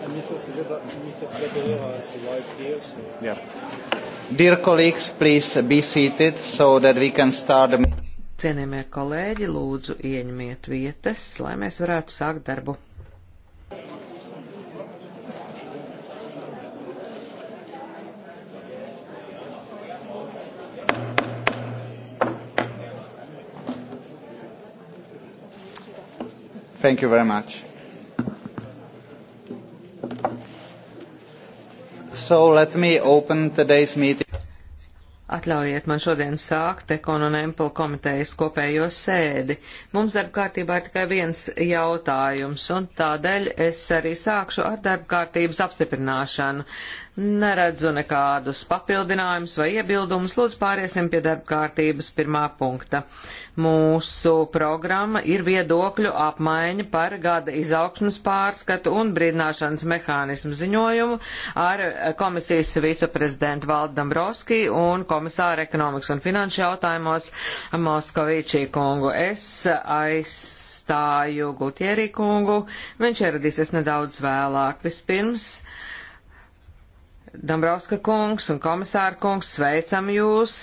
And Mr. Silva uh, is alive here, so... Yeah. Dear colleagues, please be seated so that we can start the... Cienījamie kolēģi, lūdzu ieņemiet vietas, lai mēs varētu sākt darbu. Thank you very much. So let me open today's meeting. Atļaujiet man šodien sākt Ekon un Empel komitejas kopējo sēdi. Mums darba kārtībā ir tikai viens jautājums, un tādēļ es arī sākšu ar darba kārtības apstiprināšanu. Neredzu nekādus papildinājumus vai iebildumus, lūdzu pāriesim pie darba kārtības pirmā punkta. Mūsu programma ir viedokļu apmaiņa par gada izaugsmas pārskatu un brīdināšanas mehānismu ziņojumu ar komisijas viceprezidentu Valdu Dombrovski un komisiju komisāru ekonomikas un finanšu jautājumos Moskavīčī kungu. Es aizstāju Gutierī kungu, viņš ieradīsies nedaudz vēlāk vispirms. Dambrauska kungs un komisāra kungs, sveicam jūs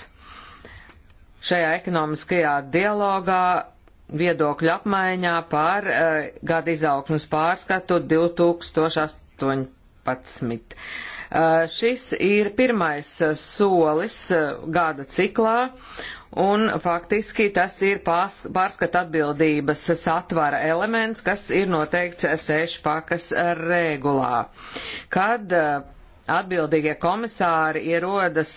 šajā ekonomiskajā dialogā viedokļu apmaiņā par uh, gada izaugsmas pārskatu 2018. Uh, šis ir pirmais uh, solis uh, gada ciklā, un faktiski tas ir pārskata atbildības satvara elements, kas ir noteikts sešpakas regulā. Kad atbildīgie komisāri ierodas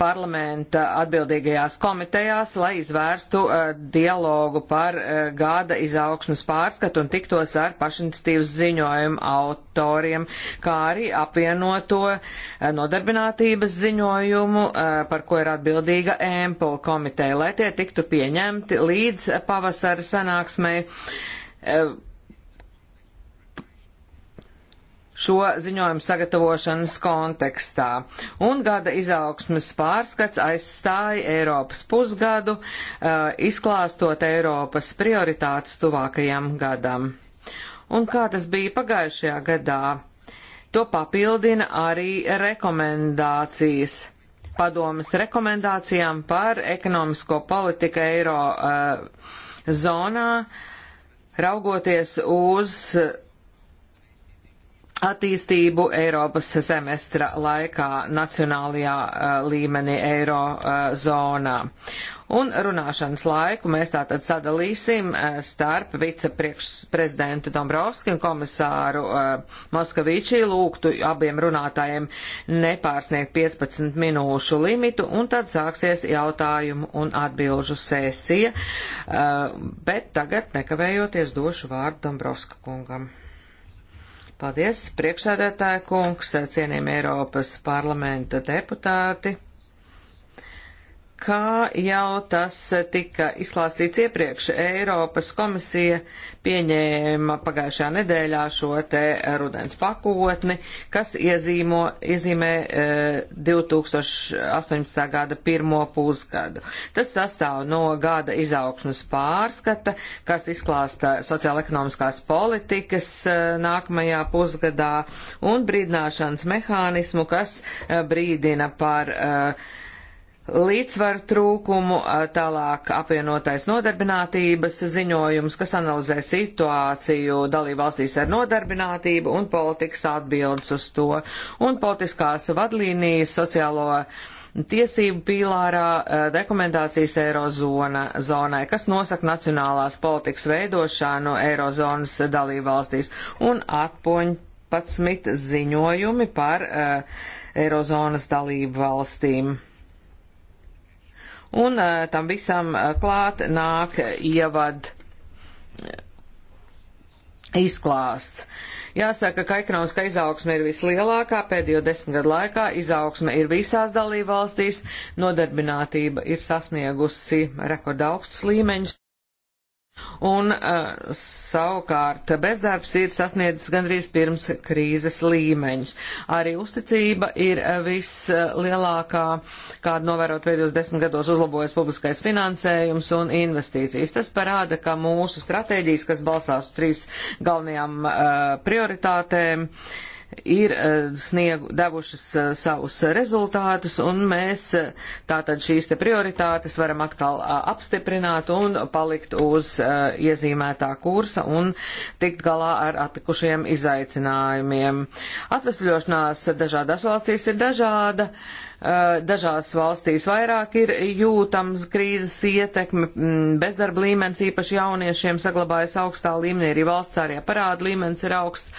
parlamenta atbildīgajās komitejās, lai izvērstu uh, dialogu par uh, gada izaugsmas pārskatu un tiktos ar pašinstīvas ziņojumu autoriem, kā arī apvienoto uh, nodarbinātības ziņojumu, uh, par ko ir atbildīga EMPL komiteja, lai tie tiktu pieņemti līdz pavasara sanāksmei uh, šo ziņojumu sagatavošanas kontekstā. Un gada izaugsmes pārskats aizstāja Eiropas pusgadu, eh, izklāstot Eiropas prioritātes tuvākajam gadam. Un kā tas bija pagājušajā gadā, to papildina arī rekomendācijas padomas rekomendācijām par ekonomisko politiku eiro uh, zonā, raugoties uz uh, attīstību Eiropas semestra laikā nacionālajā eh, līmenī eirozonā. Eh, un runāšanas laiku mēs tātad sadalīsim eh, starp vicepriekšprezidentu Dombrovskim komisāru Moskavīčī lūgtu abiem runātājiem nepārsniegt 15 minūšu limitu un tad sāksies jautājumu un atbilžu sēsija. Bet tagad nekavējoties došu vārdu Dombrovska kungam. Paldies, priekšsēdētāja kungs, cienījami Eiropas parlamenta deputāti. Kā jau tas tika izklāstīts iepriekš, Eiropas komisija pieņēma pagājušajā nedēļā šo te rudens pakotni, kas iezīmo, iezīmē e, 2018. gada pirmo pusgadu. Tas sastāv no gada izaugsmas pārskata, kas izklāsta sociāla-ekonomiskās politikas e, nākamajā pusgadā un brīdināšanas mehānismu, kas e, brīdina par e, līdzsvaru trūkumu, tālāk apvienotais nodarbinātības ziņojums, kas analizē situāciju dalībvalstīs ar nodarbinātību un politikas atbildes uz to, un politiskās vadlīnijas sociālo tiesību pīlārā rekomendācijas Eirozona zonai, kas nosaka nacionālās politikas veidošanu Eirozonas dalībvalstīs un atpoņpatsmit ziņojumi par uh, Eirozonas dalību valstīm un uh, tam visam uh, klāt nāk ievad izklāsts. Jāsaka, ka ekonomiskā izaugsme ir vislielākā pēdējo desmit gadu laikā, izaugsme ir visās dalībvalstīs, nodarbinātība ir sasniegusi rekorda augstus līmeņus. Un uh, savukārt bezdarbs ir sasniedzis gandrīz pirms krīzes līmeņus. Arī uzticība ir uh, vislielākā, kādu novērot pēdējos desmit gados uzlabojas publiskais finansējums un investīcijas. Tas parāda, ka mūsu stratēģijas, kas balstās uz trīs galvenajām uh, prioritātēm, uh, ir eh, sniegu, devušas eh, savus rezultātus, un mēs eh, tātad šīs te prioritātes varam atkal apstiprināt un palikt uz iezīmētā kursa un tikt galā ar atlikušiem izaicinājumiem. Atvesļošanās dažādās valstīs ir dažāda dažās valstīs vairāk ir jūtams krīzes ietekme, mm, bezdarba līmenis īpaši jauniešiem saglabājas augstā līmenī, arī valsts ārējā parāda līmenis ir augsts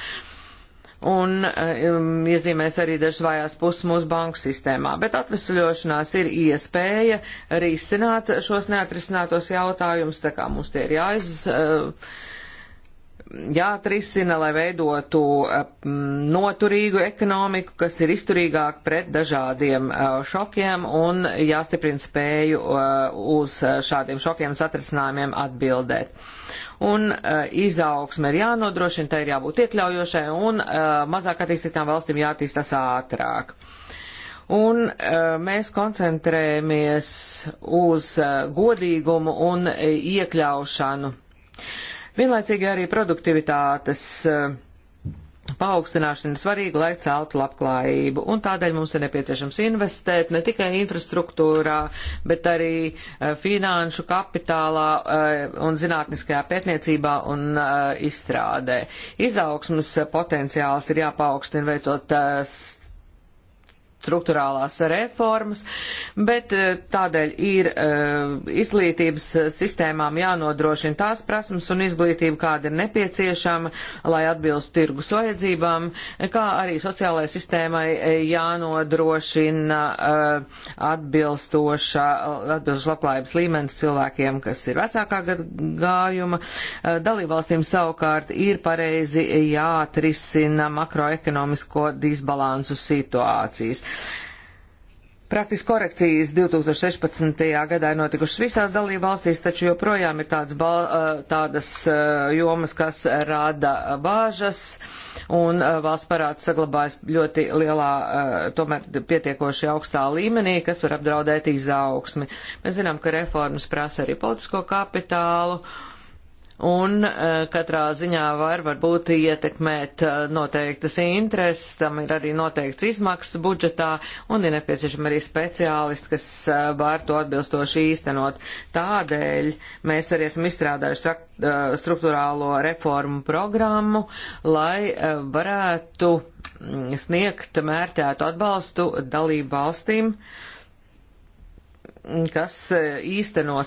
un eh, um, iezīmēs arī dažas vājās puses mūsu banku sistēmā. Bet atvesļošanās ir iespēja risināt šos neatrisinātos jautājumus, tā kā mums tie ir jāiz, uh, jāatrisina, lai veidotu eh, noturīgu ekonomiku, kas ir izturīgāk pret dažādiem eh, šokiem un jāstiprina spēju eh, uz šādiem šokiem un satricinājumiem atbildēt. Un izaugsme ir jānodrošina, tai ir jābūt iekļaujošai un mazāk attīstītām valstīm jātīstās ātrāk un uh, mēs koncentrējamies uz uh, godīgumu un uh, iekļaušanu. Vienlaicīgi arī produktivitātes eh, paaugstināšana ir svarīga, lai celtu labklājību, un tādēļ mums ir nepieciešams investēt ne tikai infrastruktūrā, bet arī eh, finanšu kapitālā eh, un zinātniskajā pētniecībā un izstrādē. Izaugsmas potenciāls ir jāpaukstina veicot struktūrālās reformas, bet eh, tādēļ ir eh, izglītības sistēmām jānodrošina tās prasmes un izglītība, kāda ir nepieciešama, lai atbilstu tirgus vajadzībām, kā arī sociālajai sistēmai eh, jānodrošina atbilstoša, atbilstoša labklājības līmenis cilvēkiem, kas ir vecākā gājuma. Dalībvalstīm savukārt ir pareizi jāatrisina makroekonomisko disbalansu situācijas. Praktiski korekcijas 2016. gadā ir notikušas visās dalībvalstīs, taču joprojām ir tādas, tādas jomas, kas rada bāžas, un valsts parāds saglabājas ļoti lielā, tomēr pietiekoši augstā līmenī, kas var apdraudēt izaugsmi. Mēs zinām, ka reformas prasa arī politisko kapitālu un eh, katrā ziņā var varbūt ietekmēt eh, noteiktas intereses, tam ir arī noteikts izmaksas budžetā un ir nepieciešami arī speciālisti, kas eh, var to atbilstoši īstenot. Tādēļ mēs arī esam izstrādājuši struktūrālo reformu programmu, lai varētu mm, sniegt mērķētu atbalstu dalību valstīm. Uh, kas e, īsteno e,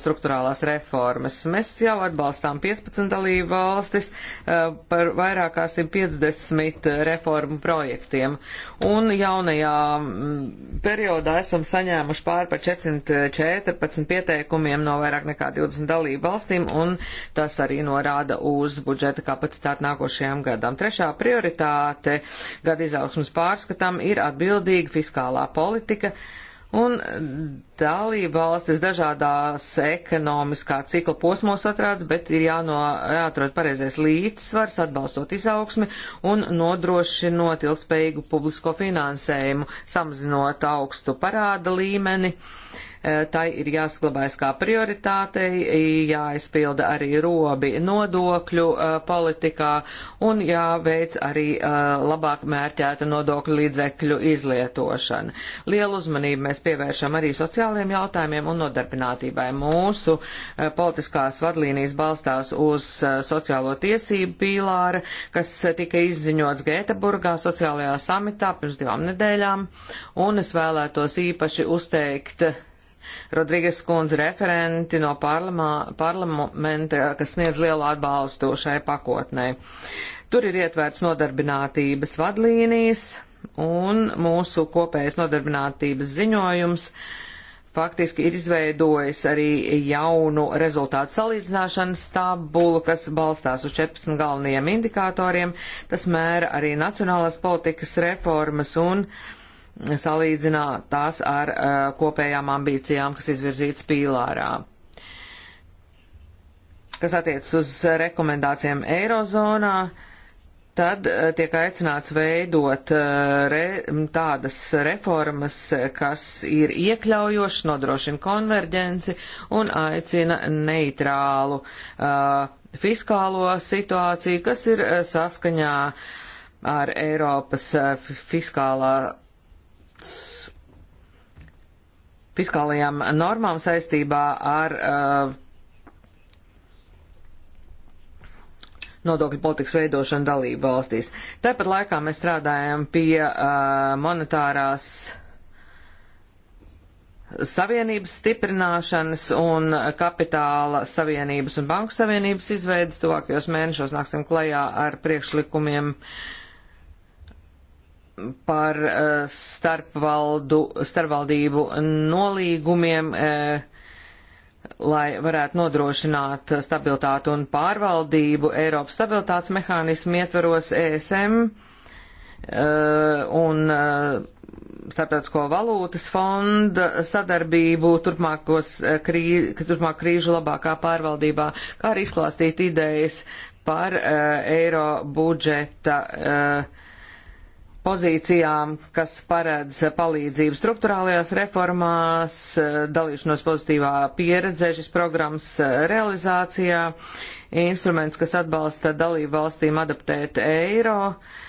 struktūrālās reformas. Mēs jau atbalstām 15 dalību valstis e, par vairāk kā 150 reformu projektiem, un jaunajā periodā esam saņēmuši pār par 414 pieteikumiem no vairāk nekā 20 dalību valstīm, un tas arī norāda uz budžeta kapacitāti nākošajām gadām. Trešā prioritāte gada izaugsmas pārskatām ir atbildīga fiskālā politika. Uh, un dalībvalstis dažādās ekonomiskā cikla posmos atrāds, bet ir jāno, jāatrod pareizais līdzsvars, atbalstot izaugsmi un nodrošinot ilgspējīgu publisko finansējumu, samazinot augstu parāda līmeni. Uh, tai ir jāsaglabājas kā prioritātei, jāizpilda arī robi nodokļu politikā un jāveic arī labāk mērķēta nodokļu līdzekļu izlietošana. Lielu uzmanību mēs pievēršam arī sociālajiem jautājumiem un nodarbinātībai. Mūsu politiskās vadlīnijas balstās uz sociālo tiesību pīlāra, kas tika izziņots Gēteburgā sociālajā samitā pirms divām nedēļām, un es vēlētos īpaši uzteikt Rodrīgas kundze referenti no parlamenta, kas sniedz lielu atbalstu šai pakotnē. Tur ir ietverts nodarbinātības vadlīnijas un mūsu kopējais nodarbinātības ziņojums faktiski ir izveidojis arī jaunu rezultātu salīdzināšanas tabulu, kas balstās uz 14 galvenajiem indikatoriem. Tas mēra arī nacionālās politikas reformas un uh, salīdzināt tās ar uh, kopējām ambīcijām, kas izvirzītas pīlārā. Kas attiec uz rekomendācijām Eirozonā, tad uh, tiek aicināts veidot uh, re, tādas reformas, kas ir iekļaujošas, nodrošina konverģenci un aicina neitrālu uh, fiskālo situāciju, kas ir uh, saskaņā ar Eiropas uh, fiskālā fiskālajām normām saistībā ar uh, nodokļu politikas veidošanu dalību valstīs. Tāpat laikā mēs strādājam pie uh, monetārās savienības stiprināšanas un kapitāla savienības un banku savienības izveidas. Tuvākajos mēnešos nāksim klajā ar priekšlikumiem uh, par eh, starpvaldu, starpvaldību nolīgumiem, eh, lai varētu nodrošināt stabilitātu un pārvaldību Eiropas stabilitātes mehānismu ietvaros ESM eh, un starptautisko valūtas fonda sadarbību turpmākos krī, turpmāk krīžu labākā pārvaldībā, kā arī izklāstīt idejas par uh, eiro budžeta uh, pozīcijām, kas paredz palīdzību struktūrālajās reformās, dalīšanos pozitīvā pieredzē šis programmas realizācijā, instruments, kas atbalsta dalību valstīm adaptēt eiro, uh,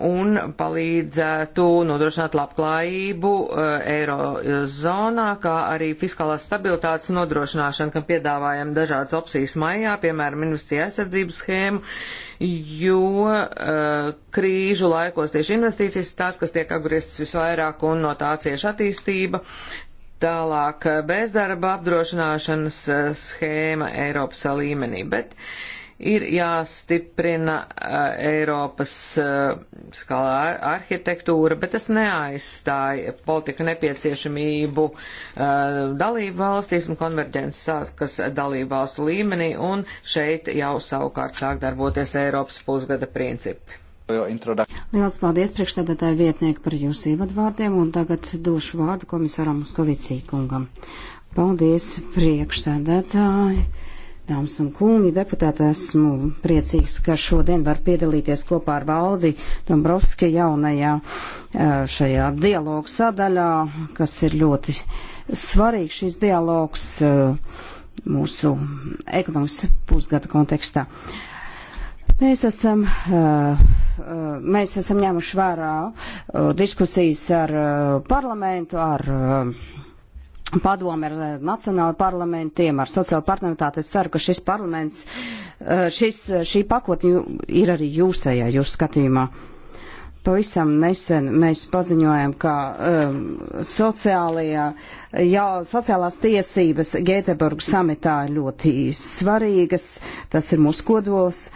un palīdzētu nodrošināt labklājību eh, eirozonā, kā arī fiskālās stabilitātes nodrošināšanu, kam piedāvājam dažādas opcijas maijā, piemēram, investīcija aizsardzības schēmu, jo eh, krīžu laikos tieši investīcijas ir tās, kas tiek apgrieztas visvairāk un no tā cieši attīstība. Tālāk eh, bezdarba apdrošināšanas schēma Eiropas līmenī, bet uh, ir jāstiprina uh, Eiropas uh, skalā ar arhitektūra, bet tas neaizstāja politiku nepieciešamību uh, dalību valstīs un konverģences sākas dalību valstu līmenī, un šeit jau savukārt sāk darboties Eiropas pusgada principi. Lielas paldies priekšstādātāju vietnieku par jūsu ievadvārdiem, un tagad došu vārdu komisaram Skovicī kungam. Paldies priekšstādātāju Dāmas un kungi, deputāti, esmu priecīgs, ka šodien var piedalīties kopā ar valdi Dombrovski jaunajā šajā dialogu sadaļā, kas ir ļoti svarīgs šis dialogs mūsu ekonomikas pusgada kontekstā. Mēs esam, mēs esam ņēmuši vērā diskusijas ar parlamentu, ar padomu ar eh, nacionālu parlamentiem, ar sociālu partneriem. Tātad es ceru, ka šis parlaments, eh, šis, eh, šī pakotņa ir arī jūsējā, jūs skatījumā. Pavisam nesen mēs paziņojam, ka um, sociālajā, jā, sociālās tiesības Gēteburgas samitā ir ļoti svarīgas, tas ir mūsu kodols,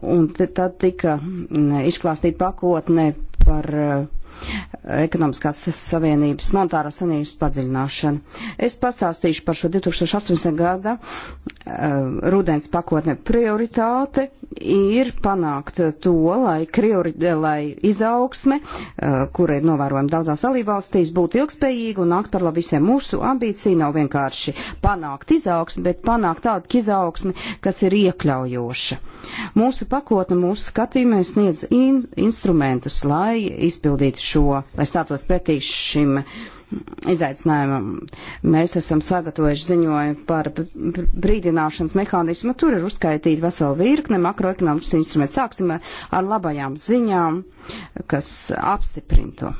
un tad tika mm, izklāstīta pakotne par uh, ekonomiskās savienības, monetārās savienības padziļināšanu. Es pastāstīšu par šo 2018. gada uh, rudens pakotne prioritāte ir panākt to, lai, kriori, lai izaugsme, uh, kura ir novērojama daudzās dalībvalstīs, būtu ilgspējīga un nākt par labu visiem mūsu ambīciju. Nav vienkārši panākt izaugsmi, bet panākt tādu izaugsmi, kas ir iekļaujoša. Mūsu pakotne, mūsu skatījumā sniedz in instrumentus, lai izpildītu šo, lai stātos pretī šim izaicinājumam. Mēs esam sagatavojuši ziņojumu par brīdināšanas mehānismu. Tur ir uzskaitīta vesela virkne makroekonomikas instrumentu. Sāksim ar labajām ziņām, kas apstiprina to.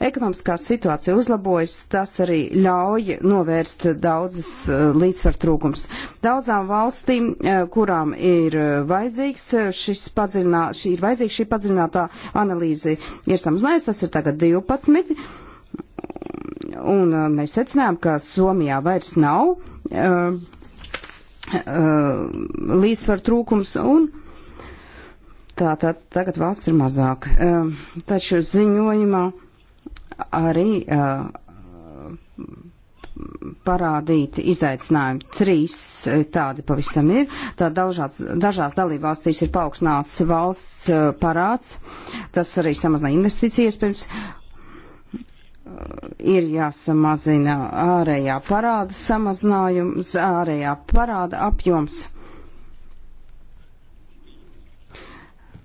Ekonomiskā situācija uzlabojas, tas arī ļauj novērst daudzas eh, līdzsvar trūkums. Daudzām valstīm, eh, kurām ir eh, vajadzīgs šis padziļinā, šī ir vajadzīga šī padziļinātā analīze, ir samazinājies, tas ir tagad 12. Un mēs secinājām, ka Somijā vairs nav uh, uh, līdzsvar trūkums un tā, tā tagad valsts ir mazāk. Uh, taču ziņojumā. Uh, arī uh, parādīti izaicinājumi. Trīs tādi pavisam ir. Tātad dažās, dažās dalībvalstīs ir paaugstināts valsts uh, parāds, tas arī samazina investīcijas pirms. Uh, ir jāsamazina ārējā parāda samazinājums, ārējā parāda apjoms.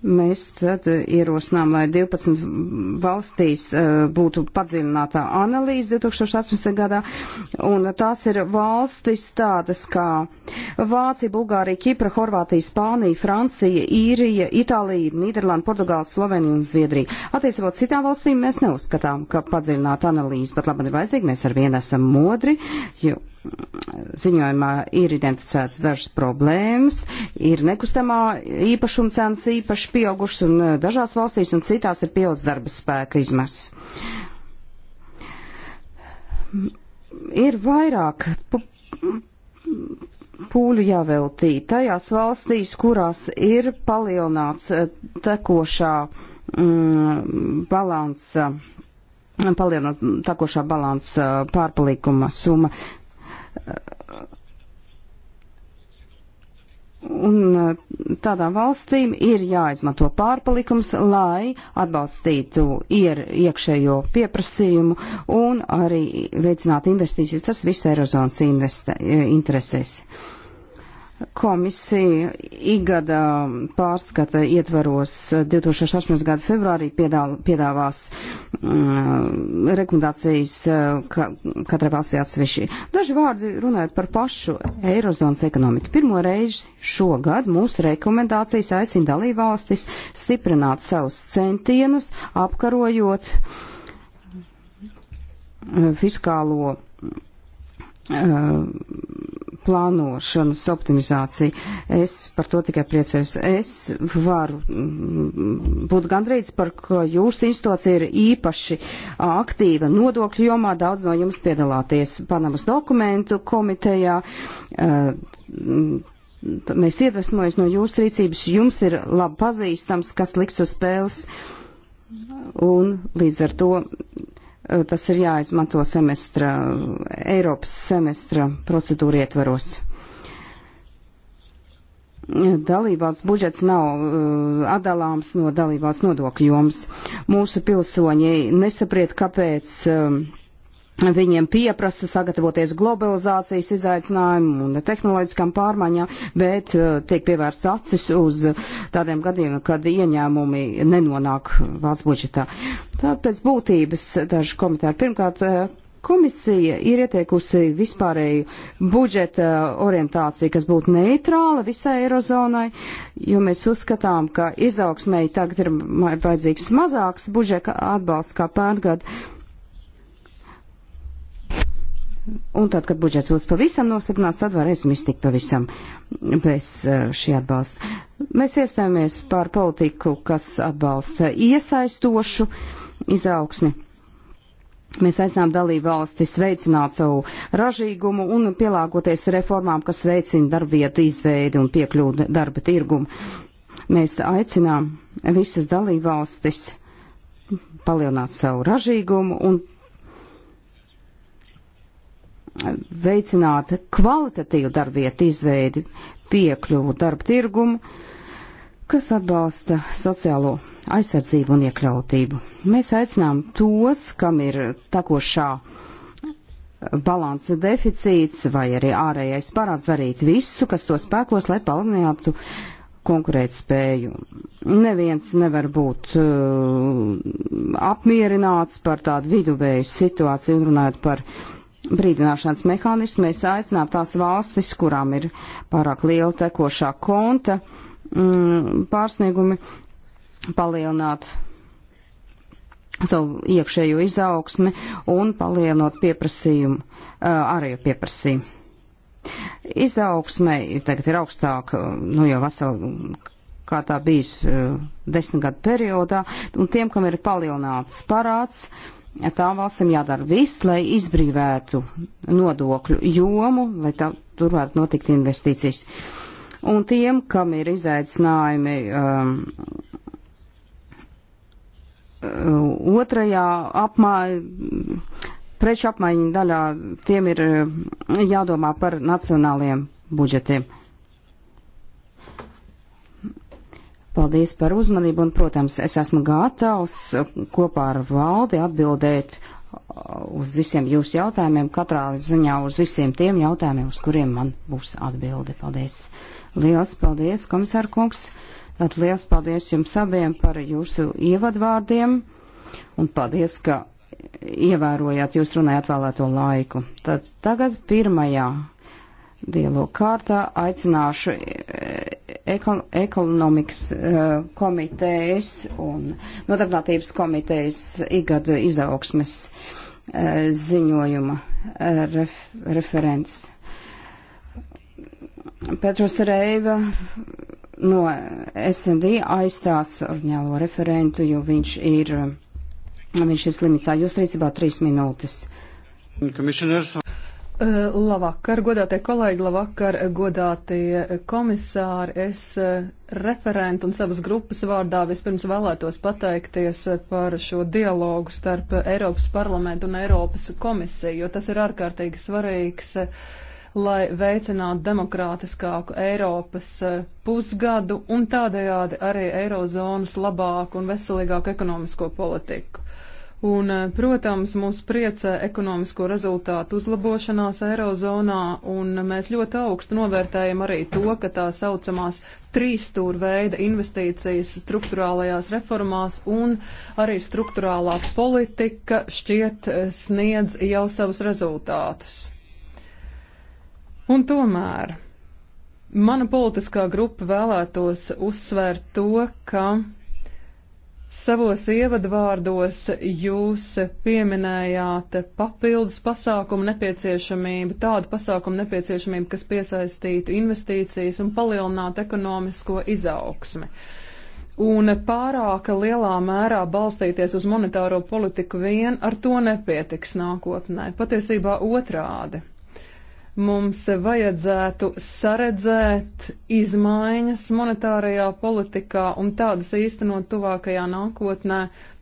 Mēs tad ierosinām, lai 12 valstīs eh, būtu padziļinātā analīze 2018. gadā, un tās ir valstis tādas kā Vācija, Bulgārija, Kipra, Horvātija, Spānija, Francija, Īrija, Itālija, Nīderlanda, Portugāla, Slovenija un Zviedrija. Attiecībot citām valstīm mēs neuzskatām, ka padziļināta analīze pat labi ir vajadzīga, mēs ar vienu esam modri, jo ziņojumā ir identificēts dažas problēmas, ir nekustamā īpašuma cenas īpaši pieaugušas un e, dažās valstīs un citās ir pieaudzis darba spēka izmaksas. Ir vairāk pūļu jāveltī tajās valstīs, kurās ir palielināts e, tekošā mm, balansa palielināt tekošā balansa e, pārpalikuma summa. Un uh, tādām valstīm ir jāizmanto pārpalikums, lai atbalstītu ier, iekšējo pieprasījumu un arī veicinātu investīcijas. Tas viss Eirozonas eh, interesēs. Komisija igada pārskata ietvaros 2018. gada februārī piedāl, piedāvās mm, rekomendācijas eh, ka, katrai valstī atsevišķi. Daži vārdi runājot par pašu Eirozonas ekonomiku. Pirmo reizi šogad mūsu rekomendācijas aicina dalībvalstis stiprināt savus centienus, apkarojot eh, fiskālo uh, plānošanas optimizāciju. Es par to tikai priecājos. Es varu mm, būt gandrīz par, ka jūsu institūcija ir īpaši aktīva nodokļu jomā. Daudz no jums piedalāties Panamas dokumentu komitejā. Eh, mm, mēs iedvesmojamies no jūsu rīcības. Jums ir labi pazīstams, kas liks uz spēles. Un līdz ar to Eh, tas ir jāizmanto semestra, Eiropas semestra procedūra ietveros. Eh, dalībvalsts budžets nav uh, atdalāms no dalībvalsts nodokļu joms. Mūsu pilsoņi nesapriet, kāpēc uh, Viņiem pieprasa sagatavoties globalizācijas izaicinājumiem un tehnoloģiskām pārmaiņām, bet uh, tiek pievērsts acis uz uh, tādiem gadiem, kad ieņēmumi nenonāk valsts budžetā. Tāpēc būtības daži komentāri. Pirmkārt, uh, komisija ir ieteikusi vispārēju budžeta orientāciju, kas būtu neitrāla visai Eirozonai, jo mēs uzskatām, ka izaugsmēji tagad ir vajadzīgs mazāks budžeta atbalsts kā pērngad. Un tad, kad budžets būs pavisam nostiprināts, tad varēsim iztikt pavisam bez eh, šī atbalsta. Mēs iestājāmies par politiku, kas atbalsta iesaistošu izaugsmi. Mēs aicinām dalību valstis veicināt savu ražīgumu un pielāgoties reformām, kas veicina darbvietu izveidi un piekļūdu darba tirgumu. Mēs aicinām visas dalību valstis palielināt savu ražīgumu un veicināt kvalitatīvu darbvietu izveidi, piekļuvu darba tirgumu, kas atbalsta sociālo aizsardzību un iekļautību. Mēs aicinām tos, kam ir takošā balansa deficīts vai arī ārējais parāds darīt visu, kas to spēkos, lai palielinātu konkurēt spēju. Neviens nevar būt uh, apmierināts par tādu viduvēju situāciju un runāt par brīdināšanas mehānismu, mēs aicinām tās valstis, kurām ir pārāk liela tekošā konta mm, pārsniegumi, palielināt savu iekšējo izaugsmi un palielinot pieprasījumu, ārējo pieprasījumu. Izaugsme tagad ir augstāka, nu jau veselu, kā tā bijis desmit gadu periodā, un tiem, kam ir palielināts parāds, uh, tām valstīm jādara viss, lai izbrīvētu nodokļu jomu, lai tā, tur varētu notikt investīcijas. Un tiem, kam ir izaicinājumi um, uh, otrajā apmaiņa, preču apmaiņa daļā, tiem ir uh, jādomā par nacionāliem budžetiem. Paldies par uzmanību un, protams, es esmu gatavs uh, kopā ar valdi atbildēt uh, uz visiem jūsu jautājumiem, katrā ziņā uz visiem tiem jautājumiem, uz kuriem man būs atbildi. Paldies! Liels paldies, komisār kungs! Tad liels paldies jums abiem par jūsu ievadvārdiem un paldies, ka ievērojāt jūs runājāt vēlēto laiku. Tad tagad pirmajā dialogu kārtā aicināšu ekon ekonomikas uh, komitejas un nodarbinātības komitejas igada izaugsmes uh, ziņojuma uh, ref referents. Petros Reiva no SND aizstās orģinālo referentu, jo viņš ir, viņš ir slimnīcā. Jūs rīcībā trīs minūtes. Komisioners. Eh, labvakar, godātie kolēģi, labvakar, godātie komisāri. Es eh, referentu un savas grupas vārdā vispirms vēlētos pateikties eh, par šo dialogu starp Eiropas parlamentu un Eiropas komisiju, jo tas ir ārkārtīgi svarīgs, lai veicinātu demokrātiskāku Eiropas pusgadu un tādējādi arī Eirozonas labāku un veselīgāku ekonomisko politiku. Un, eh, protams, mūs priecē ekonomisko rezultātu uzlabošanās Eirozonā, un mēs ļoti augstu novērtējam arī to, ka tā saucamās trīsstūra veida investīcijas struktūrālajās reformās un arī struktūrālā politika šķiet eh, sniedz jau savus rezultātus. Un tomēr mana politiskā grupa vēlētos uzsvērt to, ka Savos ievadvārdos jūs pieminējāt papildus pasākumu nepieciešamību, tādu pasākumu nepieciešamību, kas piesaistītu investīcijas un palielinātu ekonomisko izaugsmi. Un pārāka lielā mērā balstīties uz monetāro politiku vien ar to nepietiks nākotnē. Patiesībā otrādi mums vajadzētu saredzēt izmaiņas monetārajā politikā un tādas īstenot tuvākajā nākotnē.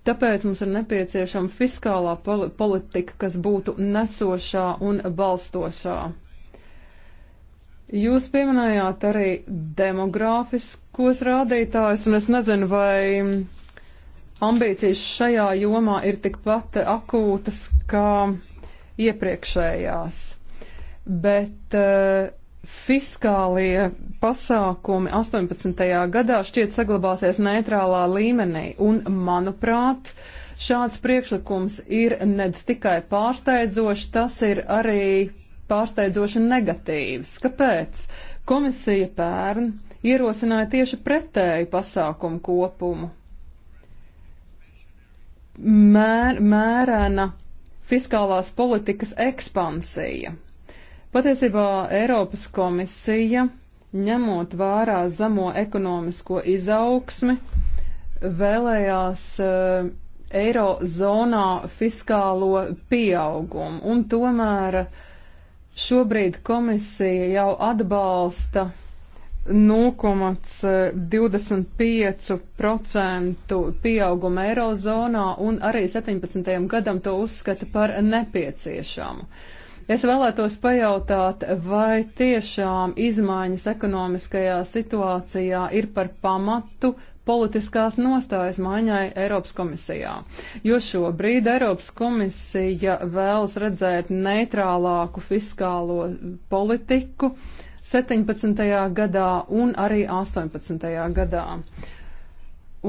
Tāpēc mums ir nepieciešama fiskālā poli politika, kas būtu nesošā un balstošā. Jūs pieminējāt arī demogrāfiskos rādītājus, un es nezinu, vai ambīcijas šajā jomā ir tikpat akūtas kā iepriekšējās bet uh, fiskālie pasākumi 18. gadā šķiet saglabāsies neitrālā līmenī, un, manuprāt, šāds priekšlikums ir nedz tikai pārsteidzošs, tas ir arī pārsteidzoši negatīvs. Kāpēc? Komisija pērn ierosināja tieši pretēju pasākumu kopumu. Mēr, mērena fiskālās politikas ekspansija. Patiesībā Eiropas komisija, ņemot vērā zemo ekonomisko izaugsmi, vēlējās uh, eirozonā fiskālo pieaugumu, un tomēr šobrīd komisija jau atbalsta 0,25% eh, pieaugumu eirozonā un arī 17. gadam to uzskata par nepieciešamu. Uh, Es vēlētos pajautāt, vai tiešām izmaiņas ekonomiskajā situācijā ir par pamatu politiskās nostājas maiņai Eiropas komisijā. Jo šobrīd Eiropas komisija vēlas redzēt neitrālāku fiskālo politiku 17. gadā un arī 18. gadā.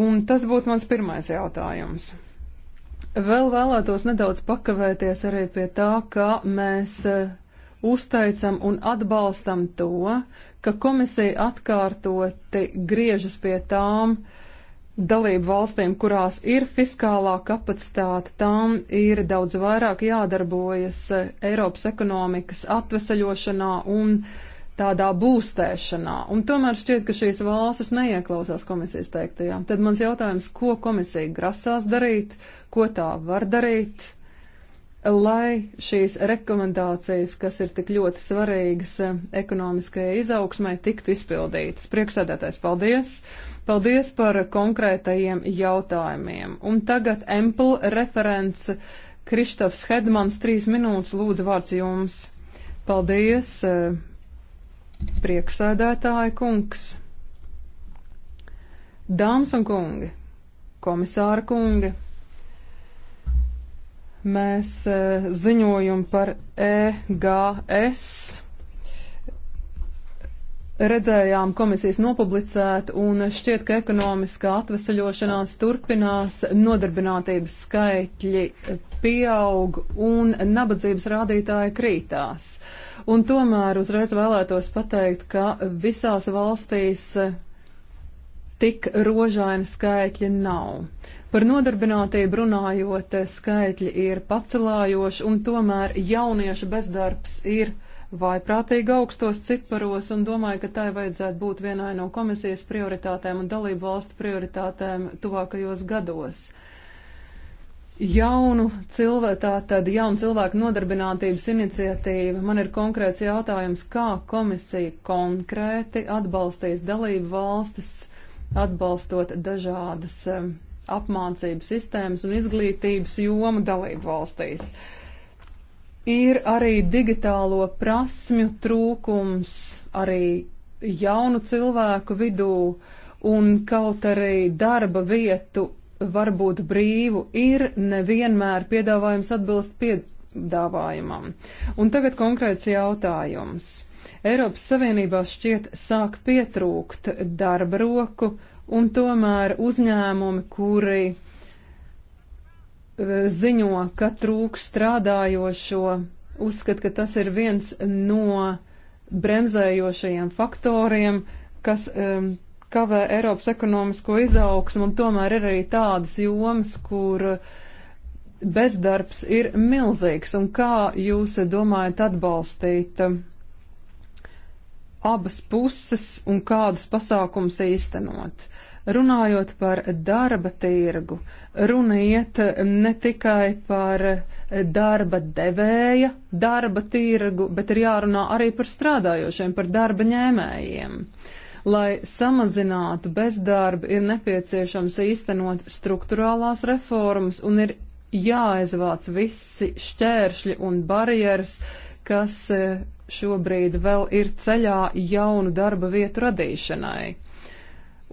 Un tas būtu mans pirmais jautājums. Vēl vēlētos nedaudz pakavēties arī pie tā, ka mēs e, uzteicam un atbalstam to, ka komisija atkārtoti griežas pie tām dalību valstīm, kurās ir fiskālā kapacitāte, tām ir daudz vairāk jādarbojas e, Eiropas ekonomikas atvesaļošanā un uh, tādā būstēšanā, un tomēr šķiet, ka šīs valstis neieklausās komisijas teiktajā. Tad mans jautājums, ko komisija grasās darīt, ko tā var darīt, lai šīs rekomendācijas, kas ir tik ļoti svarīgas ekonomiskajai izaugsmai, tiktu izpildītas. Priekšsēdētājs, paldies! Paldies par konkrētajiem jautājumiem. Un tagad Empel referents Kristofs Hedmans, trīs minūtes, lūdzu vārds jums. Paldies! Prieksēdētāja kungs, dāmas un kungi, komisāra kungi, mēs eh, ziņojam par EGS. Redzējām komisijas nopublicēt, un šķiet, ka ekonomiskā atvesaļošanās turpinās, nodarbinātības skaitļi pieaug un nabadzības rādītāji krītās. Uh, Un tomēr uzreiz vēlētos pateikt, ka visās valstīs eh, tik rožaini skaitļi nav. Par nodarbinātību runājot, eh, skaitļi ir pacelājoši, un tomēr jauniešu bezdarbs ir vai prātīgi augstos ciparos un domāju, ka tai vajadzētu būt vienai no komisijas prioritātēm un dalību valstu prioritātēm tuvākajos gados jaunu cilvēku, tā tad jaunu cilvēku nodarbinātības iniciatīva. Man ir konkrēts jautājums, kā komisija konkrēti atbalstīs dalību valstis, atbalstot dažādas apmācības sistēmas un izglītības jomu dalību valstīs. Ir arī digitālo prasmju trūkums, arī jaunu cilvēku vidū, un kaut arī darba vietu var būt brīvu, ir nevienmēr piedāvājums atbilst piedāvājumam. Un tagad konkrēts jautājums. Eiropas Savienībā šķiet sāk pietrūkt darba roku, un tomēr uzņēmumi, kuri e, ziņo, ka trūks strādājošo, uzskata, ka tas ir viens no bremzējošajiem faktoriem, kas um, kavē Eiropas ekonomisko izaugsmu, un tomēr ir arī tādas jomas, kur bezdarbs ir milzīgs. Un kā jūs domājat atbalstīt um, abas puses un kādus pasākums īstenot? runājot par darba tirgu, runa iet ne tikai par darba devēja darba tirgu, bet ir jārunā arī par strādājošiem, par darba ņēmējiem. Uh, Lai samazinātu bezdarbu, ir nepieciešams īstenot struktūrālās reformas un ir jāaizvāc visi šķēršļi un barjeras, kas e, šobrīd vēl ir ceļā jaunu darba vietu radīšanai.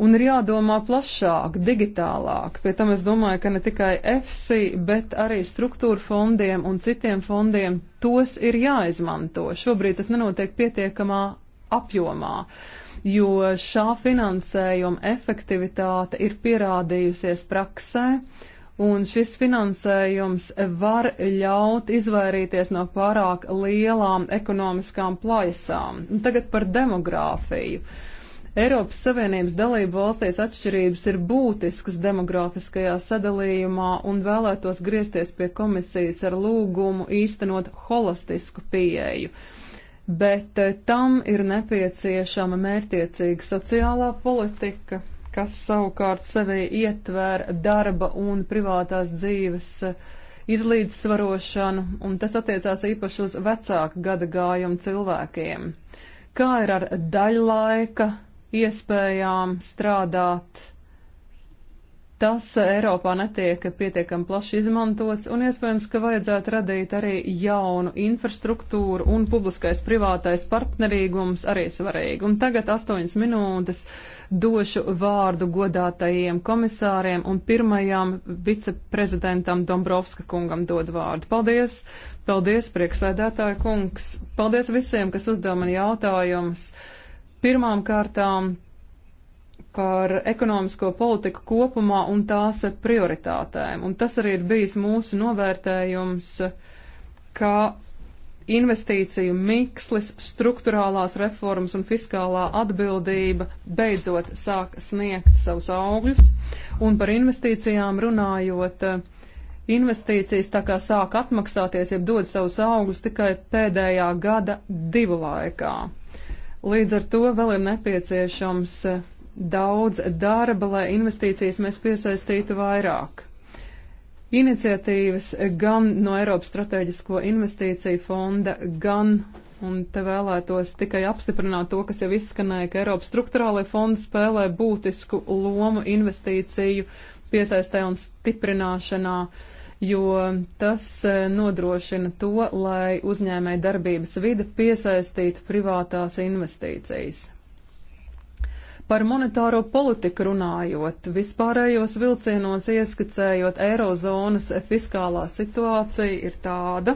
Un ir jādomā plašāk, digitālāk. Pie tam es domāju, ka ne tikai FC, bet arī struktūra fondiem un citiem fondiem tos ir jāizmanto. Šobrīd tas nenotiek pietiekamā apjomā. Uh, jo šā finansējuma efektivitāte ir pierādījusies praksē, un šis finansējums var ļaut izvairīties no pārāk lielām ekonomiskām plaisām. Tagad par demogrāfiju. Eiropas Savienības dalību valstīs atšķirības ir būtiskas demografiskajā sadalījumā un vēlētos griezties pie komisijas ar lūgumu īstenot holistisku pieeju. Uh, bet eh, tam ir nepieciešama mērtiecīga sociālā politika, kas savukārt sevī ietver darba un privātās dzīves eh, izlīdzsvarošanu, un tas attiecās īpaši uz vecāku gada gājumu cilvēkiem. Kā ir ar daļlaika iespējām strādāt? Tas Eiropā netiek pietiekami plaši izmantots, un iespējams, ka vajadzētu radīt arī jaunu infrastruktūru, un publiskais privātais partnerīgums arī svarīgi. Un tagad astoņas minūtes došu vārdu godātajiem komisāriem, un pirmajam viceprezidentam Dombrovska kungam dod vārdu. Paldies! Paldies, prieksēdētāja kungs! Paldies visiem, kas uzdev man jautājumus! Pirmām kārtām par ekonomisko politiku kopumā un tās prioritātēm. Un tas arī ir bijis mūsu novērtējums, ka investīciju mikslis, struktūrālās reformas un fiskālā atbildība beidzot sāk sniegt savus augļus. Un par investīcijām runājot, investīcijas tā kā sāk atmaksāties, ja dod savus augļus tikai pēdējā gada divu laikā. Līdz ar to vēl ir nepieciešams daudz darba, lai investīcijas mēs piesaistītu vairāk. Iniciatīvas gan no Eiropas Strateģisko investīciju fonda, gan, un te vēlētos tikai apstiprināt to, kas jau izskanēja, ka Eiropas struktūrālai fondi spēlē būtisku lomu investīciju piesaistē un stiprināšanā. Uh, jo tas eh, nodrošina to, lai uzņēmēji darbības vide piesaistītu privātās investīcijas. Par monetāro politiku runājot, vispārējos vilcienos ieskicējot eirozonas fiskālā situācija ir tāda,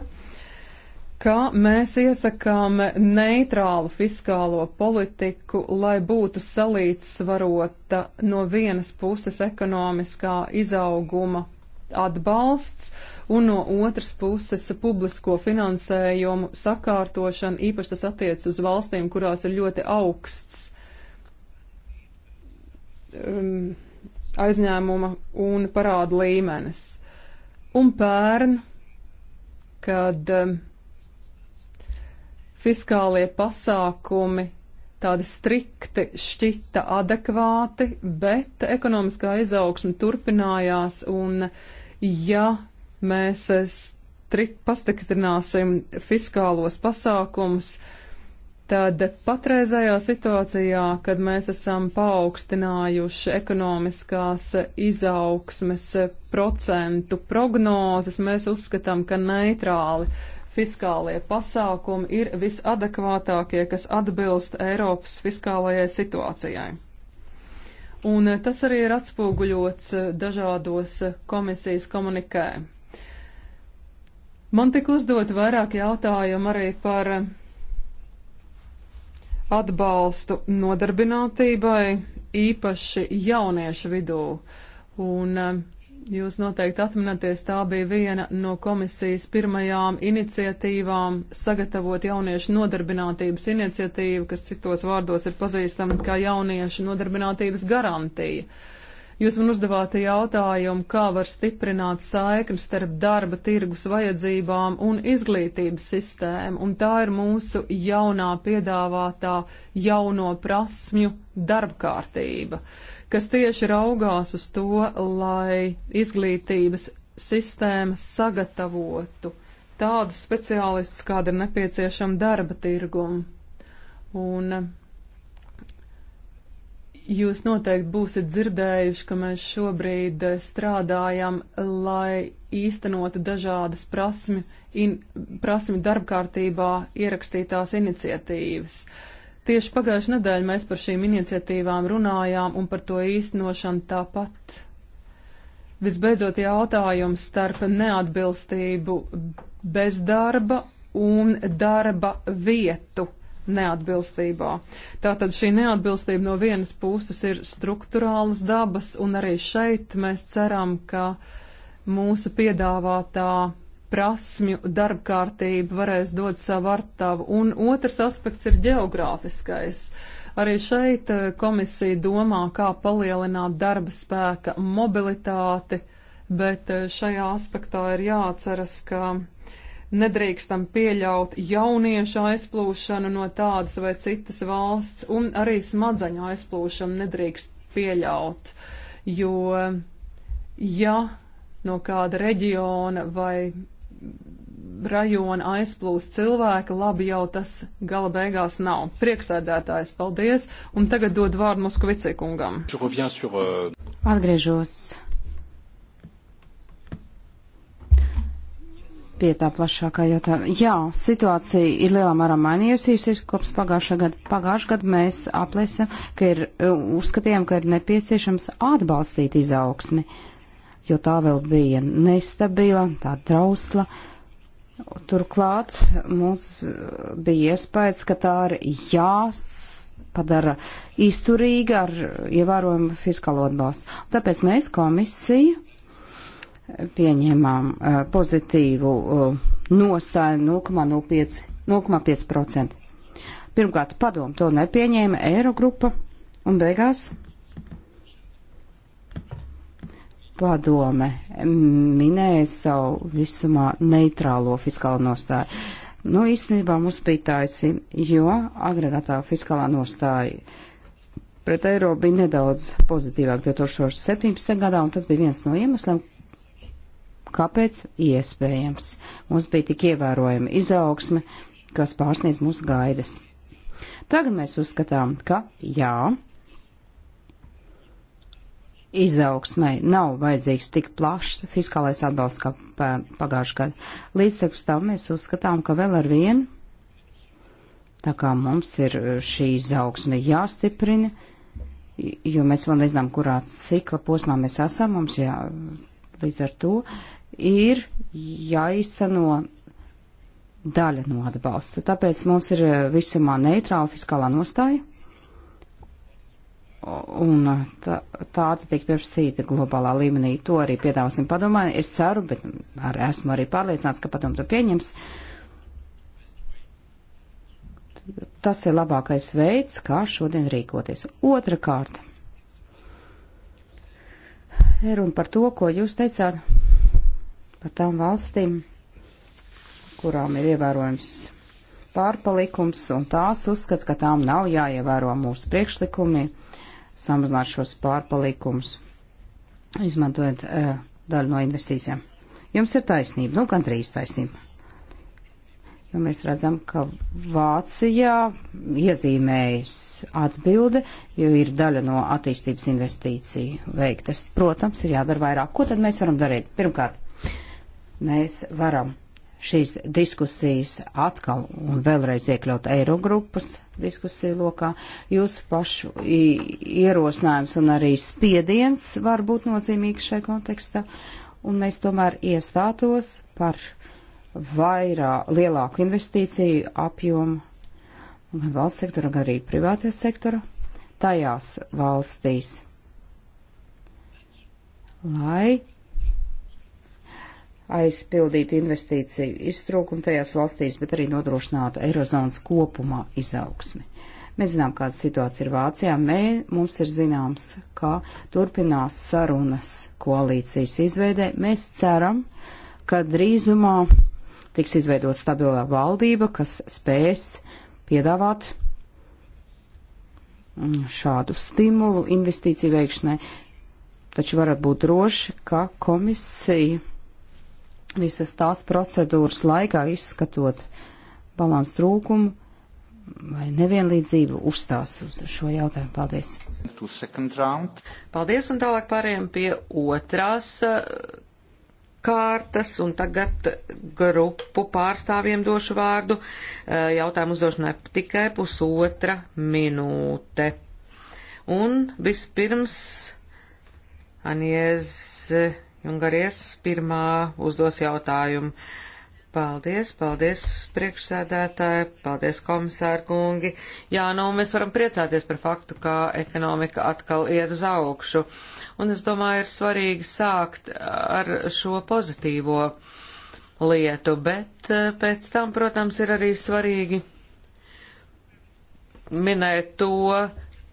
ka mēs iesakām neitrālu fiskālo politiku, lai būtu salīdzsvarota no vienas puses ekonomiskā izauguma atbalsts un no otras puses publisko finansējumu sakārtošana, īpaši tas attiec uz valstīm, kurās ir ļoti augsts um, aizņēmuma un parāda līmenis. Un pērn, kad um, fiskālie pasākumi tādi strikti šķita adekvāti, bet ekonomiskā izaugsme turpinājās un ja mēs strikt pastiprināsim fiskālos pasākumus, uh, tad patreizējā situācijā, kad mēs esam paaugstinājuši ekonomiskās izaugsmes procentu prognozes, mēs uzskatām, ka neitrāli fiskālie pasākumi ir visadekvātākie, kas atbilst Eiropas fiskālajai situācijai. Un tas arī ir atspoguļots dažādos komisijas komunikē. Man tika uzdot vairāk jautājumu arī par atbalstu nodarbinātībai, īpaši jauniešu vidū. Un um, jūs noteikti atminaties, tā bija viena no komisijas pirmajām iniciatīvām sagatavot jauniešu nodarbinātības iniciatīvu, kas citos vārdos ir pazīstama kā jauniešu nodarbinātības garantija. Jūs man uzdevāt jautājumu, kā var stiprināt saikni starp darba tirgus vajadzībām un izglītības sistēmu, un tā ir mūsu jaunā piedāvātā jauno prasmju darbkārtība, kas tieši raugās uz to, lai izglītības sistēma sagatavotu tādus speciālistus, kāda ir nepieciešama darba tirgumu. Un Jūs noteikti būsiet dzirdējuši, ka mēs šobrīd eh, strādājam, lai īstenotu dažādas prasmi, in, prasmi darbkārtībā ierakstītās iniciatīvas. Tieši pagājušajā nedēļā mēs par šīm iniciatīvām runājām un par to īstenošanu tāpat. Visbeidzot, jautājums starp neatbilstību bezdarba un darba vietu neatbilstībā. Tātad šī neatbilstība no vienas puses ir struktūrālas dabas, un arī šeit mēs ceram, ka mūsu piedāvātā prasmju darbkārtība varēs dot savu artavu, un otrs aspekts ir geogrāfiskais. Arī šeit eh, komisija domā, kā palielināt darba spēka mobilitāti, bet eh, šajā aspektā ir jāatceras, ka nedrīkstam pieļaut jauniešu aizplūšanu no tādas vai citas valsts, un arī smadzaņu aizplūšanu nedrīkst pieļaut, jo ja no kāda reģiona vai rajona aizplūst cilvēki, labi jau tas gala beigās nav. Prieksēdētājs, paldies, un tagad dod vārdu Moskvicikungam. Euh, Atgriežos pie tā plašākā jautājuma. Jā, situācija ir lielā mērā mainījusies kopš pagājušā gada. Pagājušā gada mēs aplēsim, ka ir e, uzskatījām, ka ir nepieciešams atbalstīt izaugsmi, jo tā vēl bija nestabila, tā trausla. Turklāt mums bija iespējas, ka tā ir jāpadara izturīga ar ievērojumu fiskālo atbalstu. Tāpēc mēs komisiju pieņēmām eh, pozitīvu eh, nostāju 0,5%. Pirmkārt, padom to nepieņēma Eirogrupa un beigās padome minēja savu visumā neitrālo fiskālo nostāju. Nu, īstenībā mums bija taisi, jo agregātā fiskālā nostāja pret eiro bija nedaudz pozitīvāk 2017. gadā, un tas bija viens no iemesliem, Kāpēc? Iespējams. Mums bija tik ievērojama izaugsme, kas pārsniedz mūsu gaidas. Tagad mēs uzskatām, ka jā, izaugsmai nav vajadzīgs tik plašs fiskālais atbalsts kā pagājušajā gadā. Līdz tam mēs uzskatām, ka vēl ar vienu, tā kā mums ir šī izaugsme jāstiprina, jo mēs vēl nezinām, kurā cikla posmā mēs esam, mums jā, līdz ar to ir jāizsano daļa no atbalsta. Tāpēc mums ir visumā neitrāla fiskālā nostāja. Un tā, tā tiek pieprasīta globālā līmenī. To arī piedāvāsim padomā. Es ceru, bet ar, esmu arī pārliecināts, ka padomu to pieņems. Tas ir labākais veids, kā šodien rīkoties. Otra kārta. Ir un par to, ko jūs teicāt par tām valstīm, kurām ir ievērojams pārpalikums, un tās uzskata, ka tām nav jāievēro mūsu priekšlikumi samazināt šos pārpalikumus, izmantojot uh, daļu no investīcijām. Jums ir taisnība, nu gan trīs taisnība. Jo mēs redzam, ka Vācijā iezīmējas atbilde, jo ir daļa no attīstības investīciju veiktas. Protams, ir jādara vairāk. Ko tad mēs varam darīt? Pirmkārt, mēs varam šīs diskusijas atkal un vēlreiz iekļaut Eirogrupas diskusiju lokā. Jūsu pašu ierosinājums un arī spiediens var būt nozīmīgs šai kontekstā, un mēs tomēr iestātos par vairāk, lielāku investīciju apjomu gan valsts sektora, gan arī privātajā sektora tajās valstīs, lai aizpildītu investīciju iztrūkumu tajās valstīs, bet arī nodrošinātu Eirozonas kopumā izaugsmi. Mēs zinām, kāda situācija ir Vācijā. Mē, mums ir zināms, ka turpinās sarunas koalīcijas izveidē. Mēs ceram, ka drīzumā tiks izveidot stabilā valdība, kas spēs piedāvāt mm, šādu stimulu investīciju veikšanai. Taču varat būt droši, ka komisija visas tās procedūras laikā izskatot balans trūkumu vai nevienlīdzību uzstās uz šo jautājumu. Paldies! Paldies un tālāk pārējām pie otrās uh, kārtas un tagad grupu pārstāvjiem došu vārdu. Uh, jautājumu uzdošanai tikai pusotra minūte. Un vispirms Aniez Jungaries pirmā uzdos jautājumu. Paldies, paldies priekšsēdētāji, paldies komisāri kungi. Jā, nu mēs varam priecāties par faktu, ka ekonomika atkal iet uz augšu. Un es domāju, ir svarīgi sākt ar šo pozitīvo lietu, bet eh, pēc tam, protams, ir arī svarīgi minēt to,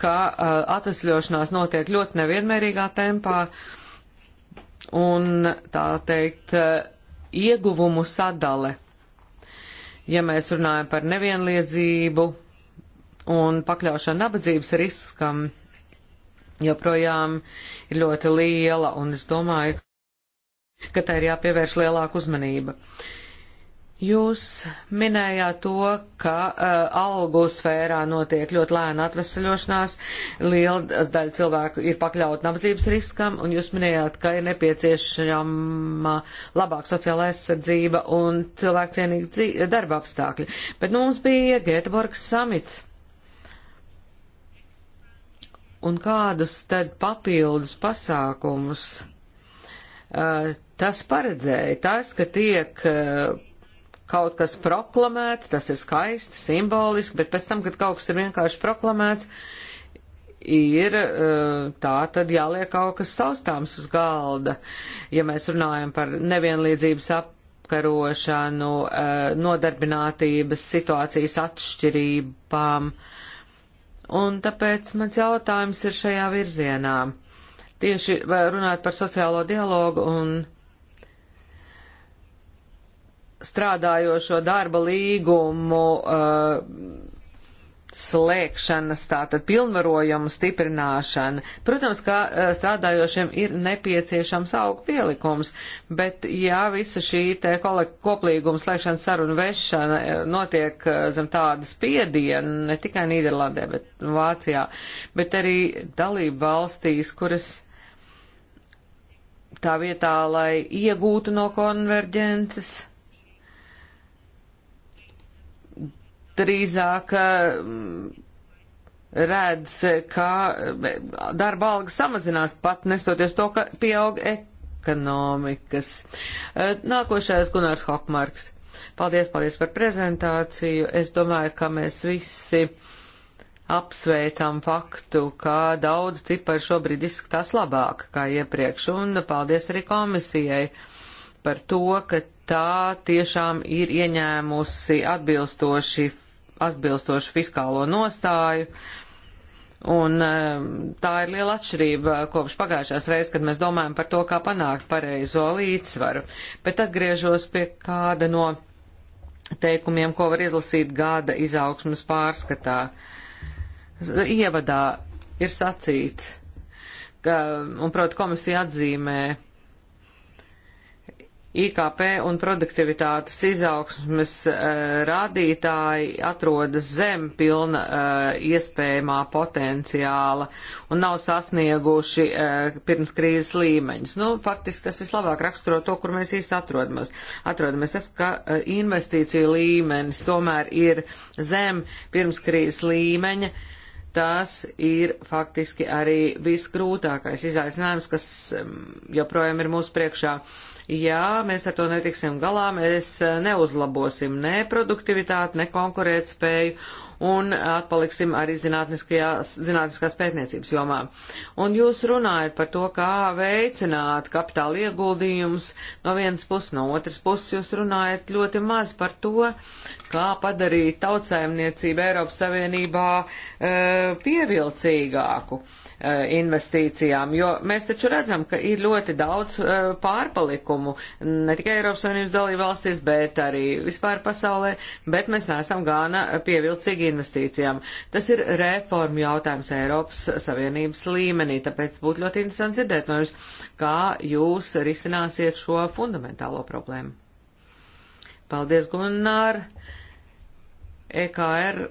ka eh, atvesļošanās notiek ļoti nevienmērīgā tempā. Mm un tā teikt ieguvumu sadale. Ja mēs runājam par nevienlīdzību un pakļaušanu nabadzības riskam, joprojām ir ļoti liela, un es domāju, ka tai ir jāpievērš lielāka uzmanība. Uh, Jūs minējāt to, ka uh, algu sfērā notiek ļoti lēna atvesaļošanās, liela daļa cilvēku ir pakļaut nabadzības riskam, un jūs minējāt, ka ir nepieciešama labāka sociāla aizsardzība un cilvēkcienīgi darba apstākļi. Bet nu, mums bija Gēteborgas samits. Un kādus tad papildus pasākumus uh, tas paredzēja? Tas, ka tiek. Uh, kaut kas proklamēts, tas ir skaisti, simboliski, bet pēc tam, kad kaut kas ir vienkārši proklamēts, ir eh, tā tad jāliek kaut kas saustāms uz galda. Ja mēs runājam par nevienlīdzības apkarošanu, eh, nodarbinātības situācijas atšķirībām, un tāpēc mans jautājums ir šajā virzienā. Tieši runāt par sociālo dialogu un strādājošo darba līgumu uh, slēgšanas, tātad pilnvarojumu stiprināšana. Protams, ka uh, strādājošiem ir nepieciešams augu pielikums, bet ja visa šī te koplīguma slēgšana saruna vešana uh, notiek uh, zem tāda spiediena, ne tikai Nīderlandē, bet Vācijā, bet arī dalību valstīs, kuras tā vietā, lai iegūtu no konverģences, drīzāk mm, redz, ka mm, darba alga samazinās pat nestoties to, ka pieaug ekonomikas. E, nākošais Gunārs Hokmarks. Paldies, paldies par prezentāciju. Es domāju, ka mēs visi apsveicam faktu, ka daudz cipari šobrīd izskatās labāk kā iepriekš, un paldies arī komisijai par to, ka tā tiešām ir ieņēmusi atbilstoši atbilstošu fiskālo nostāju. Un e, tā ir liela atšķirība kopš pagājušās reizes, kad mēs domājam par to, kā panākt pareizo līdzsvaru. Bet atgriežos pie kāda no teikumiem, ko var izlasīt gada izaugsmas pārskatā. Ievadā ir sacīts, ka, un proti komisija atzīmē, IKP un produktivitātes izaugsmes eh, rādītāji atrodas zem pilna eh, iespējamā potenciāla un nav sasnieguši eh, pirms krīzes līmeņus. Nu, faktiski tas vislabāk raksturo to, kur mēs īsti atrodamies. Atrodamies tas, ka investīciju līmenis tomēr ir zem pirms krīzes līmeņa tas ir faktiski arī visgrūtākais izaicinājums, kas mm, joprojām ir mūsu priekšā ja mēs ar to netiksim galā, mēs e, neuzlabosim ne produktivitāti, ne konkurētspēju un atpaliksim arī zinātniskās pētniecības jomā. Un jūs runājat par to, kā veicināt kapitāla ieguldījumus no vienas puses, no otras puses jūs runājat ļoti maz par to, kā padarīt tautsēmniecību Eiropas Savienībā e, pievilcīgāku. Uh, Eh, investīcijām, jo mēs taču redzam, ka ir ļoti daudz eh, pārpalikumu ne tikai Eiropas Savienības dalību valstīs, bet arī vispār pasaulē, bet mēs neesam gana pievilcīgi investīcijām. Tas ir reformu jautājums Eiropas Savienības līmenī, tāpēc būtu ļoti interesanti dzirdēt no jums, kā jūs risināsiet šo fundamentālo problēmu. Paldies, Gunār! EKR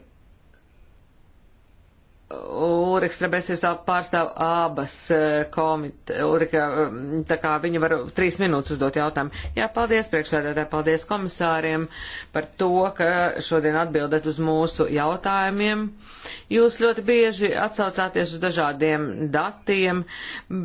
Ulriks Trebesijus pārstāv abas e, komite, Ulrika, e, tā kā viņa var trīs minūtes uzdot jautājumu. Jā, paldies priekšsēdētāji, paldies komisāriem par to, ka šodien atbildat uz mūsu jautājumiem. Jūs ļoti bieži atsaucāties uz dažādiem datiem,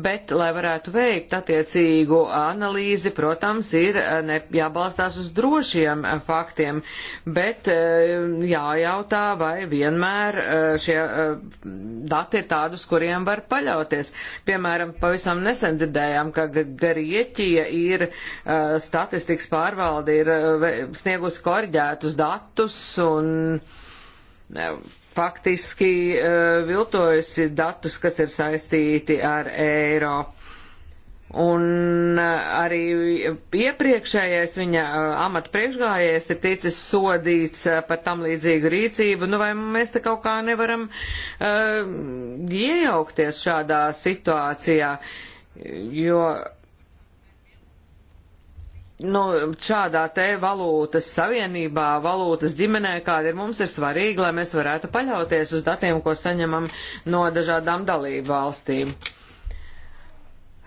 bet, lai varētu veikt attiecīgu analīzi, protams, ir e, ne, jābalstās uz drošiem faktiem, bet jājautā, vai vienmēr šie dati ir tādus, kuriem var paļauties. Piemēram, pavisam nesen dzirdējām, ka Grieķija ir uh, statistikas pārvalde, ir uh, sniegusi korģētus datus un uh, faktiski uh, viltojusi datus, kas ir saistīti ar Eiropu Un uh, arī iepriekšējais viņa uh, amata priekšgājējais ir ticis sodīts uh, par tam līdzīgu rīcību. Nu, vai mēs te kaut kā nevaram uh, iejaukties šādā situācijā, jo nu, šādā te valūtas savienībā, valūtas ģimenē, kāda ir mums, ir svarīgi, lai mēs varētu paļauties uz datiem, ko saņemam no dažādām dalību valstīm.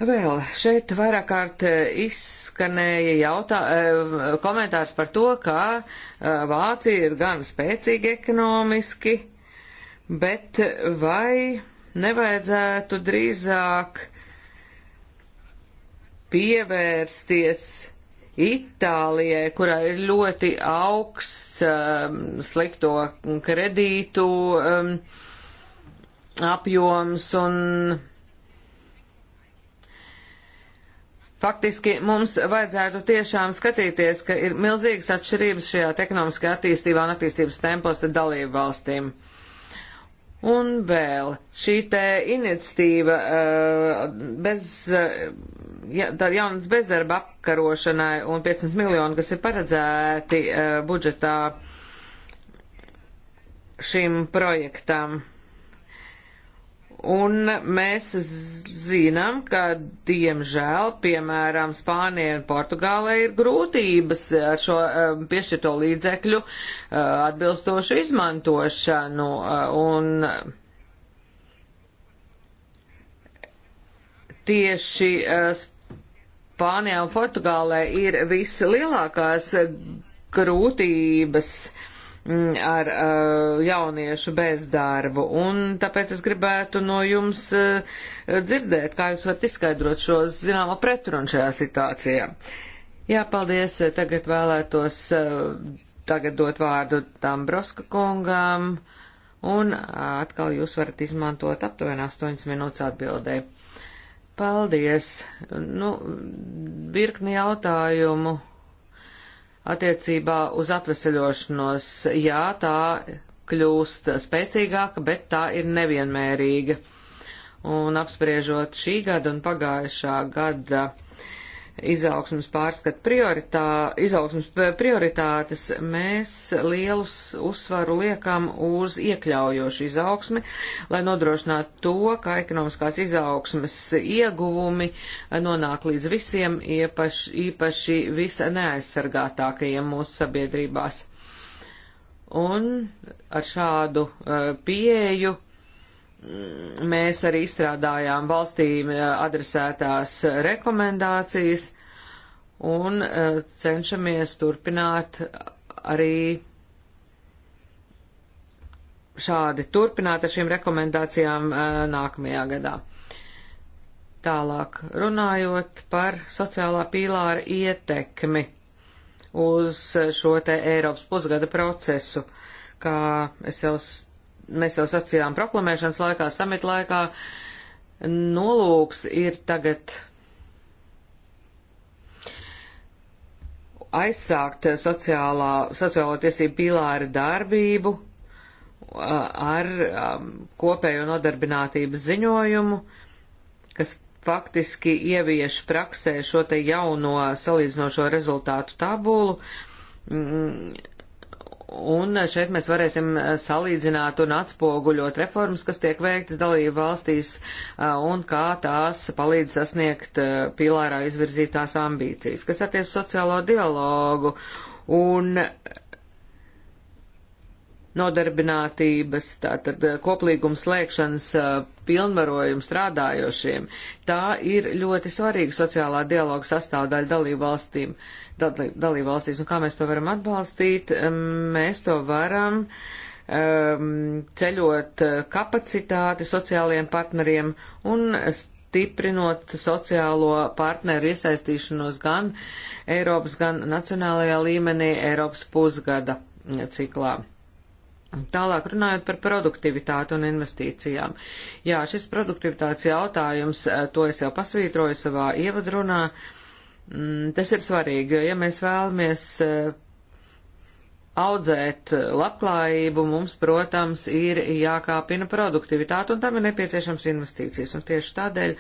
Vēl šeit vairāk kārt eh, izskanēja jautā, eh, komentārs par to, ka eh, Vācija ir gan spēcīga ekonomiski, bet vai nevajadzētu drīzāk pievērsties Itālijai, kurā ir ļoti augsts slikto kredītu apjoms un Faktiski mums vajadzētu tiešām skatīties, ka ir milzīgas atšķirības šajā ekonomiskajā attīstībā un attīstības tempos te dalību valstīm. Un vēl šī te iniciatīva eh, bez, eh, ja, tā jaunas bezdarba apkarošanai un 500 miljonu, kas ir paredzēti eh, budžetā šim projektam. Un mēs zinām, ka, diemžēl, piemēram, Spānija un Portugāla ir grūtības ar šo um, piešķirto līdzekļu uh, atbilstošu izmantošanu. Uh, un tieši uh, Spānijā un Portugālē ir vislielākās grūtības uh, Mm, ar uh, jauniešu bezdarbu, un tāpēc es gribētu no jums uh, dzirdēt, kā jūs varat izskaidrot šo zināmo pretrunu šajā situācijā. Jā, paldies. Tagad vēlētos uh, tagad dot vārdu tam Broska kungam, un uh, atkal jūs varat izmantot aptuveni 8 minūtes atbildē. Paldies. Nu, virkni jautājumu Attiecībā uz atveseļošanos, jā, tā kļūst spēcīgāka, bet tā ir nevienmērīga. Un apspriežot šī gada un pagājušā gada uh, izaugsmas pārskat prioritā, izaugsmas prioritātes, mēs lielus uzsvaru liekam uz iekļaujošu izaugsmi, lai nodrošinātu to, ka ekonomiskās izaugsmas ieguvumi nonāk līdz visiem, iepaš, īpaši visa neaizsargātākajiem mūsu sabiedrībās. Un ar šādu uh, pieeju mēs arī izstrādājām valstīm eh, adresētās rekomendācijas un eh, cenšamies turpināt arī šādi turpināt ar šīm rekomendācijām eh, nākamajā gadā. Tālāk runājot par sociālā pīlāra ietekmi uz šo te Eiropas pusgada procesu, kā es jau mēs jau sacījām proklamēšanas laikā, samita laikā, nolūks ir tagad aizsākt sociālā, sociālo tiesību pīlāri darbību ar kopējo nodarbinātības ziņojumu, kas faktiski ievieš praksē šo te jauno salīdzinošo rezultātu tabulu mm, Un šeit mēs varēsim eh, salīdzināt un atspoguļot reformas, kas tiek veiktas dalību valstīs eh, un kā tās palīdz sasniegt eh, pīlārā izvirzītās ambīcijas, kas attiec sociālo dialogu un nodarbinātības, tātad eh, koplīguma slēgšanas eh, pilnvarojumu strādājošiem. Tā ir ļoti svarīga sociālā dialoga sastāvdaļa dalībvalstīm, dalībvalstīs, un kā mēs to varam atbalstīt, mēs to varam um, ceļot eh, kapacitāti sociālajiem partneriem un stiprinot sociālo partneru iesaistīšanos gan Eiropas, gan nacionālajā līmenī Eiropas pusgada ciklā. Tālāk runājot par produktivitāti un investīcijām. Jā, šis produktivitātes jautājums, eh, to es jau pasvītroju savā ievadrunā, mm, tas ir svarīgi, jo ja mēs vēlamies eh, audzēt eh, labklājību, mums, protams, ir jākāpina produktivitāte, un tam ir nepieciešams investīcijas. Un tieši tādēļ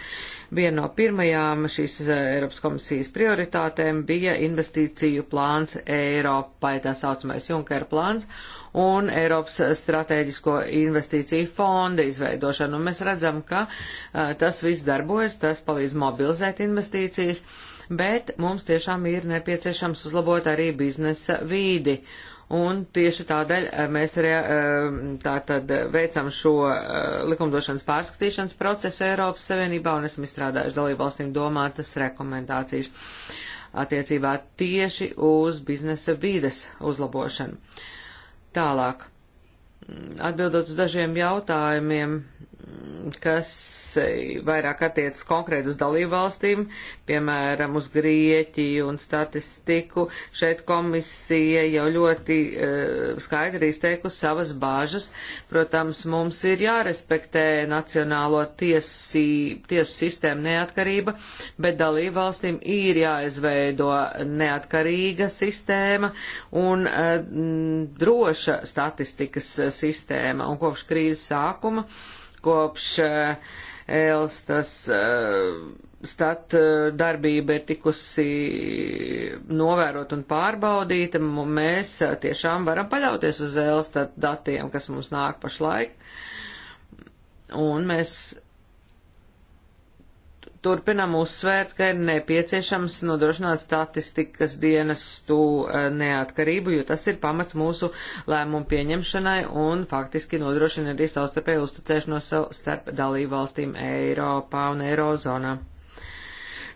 viena no pirmajām šīs eh, Eiropas komisijas prioritātēm bija investīciju plāns Eiropai, tā saucamais Junkera plāns, un Eiropas strateģisko investīciju fonda izveidošana. Un mēs redzam, ka uh, tas viss darbojas, tas palīdz mobilizēt investīcijas, bet mums tiešām ir nepieciešams uzlabot arī biznesa vīdi. Uh, Un tieši tādēļ eh, mēs arī eh, tātad veicam šo eh, likumdošanas pārskatīšanas procesu Eiropas Savienībā un esam izstrādājuši dalībvalstīm domātas rekomendācijas attiecībā tieši uz biznesa vīdes uzlabošanu. Tālāk, mm, atbildot uz dažiem jautājumiem, kas vairāk attiecas konkrēt uz dalību valstīm, piemēram, uz Grieķiju un statistiku. Šeit komisija jau ļoti uh, skaidri izteikusi savas bāžas. Protams, mums ir jārespektē nacionālo tiesī, tiesu sistēmu neatkarība, bet dalību valstīm ir jāizveido neatkarīga sistēma un uh, droša statistikas eh, sistēma. Un kopš krīzes sākuma uh, kopš eh, Elstas eh, stat eh, darbība ir tikusi novērot un pārbaudīta, mēs tiešām varam paļauties uz Elstat datiem, kas mums nāk pašlaik. Un mēs turpinam uzsvērt, ka ir nepieciešams nodrošināt statistikas dienestu eh, neatkarību, jo tas ir pamats mūsu lēmumu pieņemšanai un faktiski nodrošina arī savstarpēju uzticēšanos no starp dalību valstīm Eiropā un Eirozonā.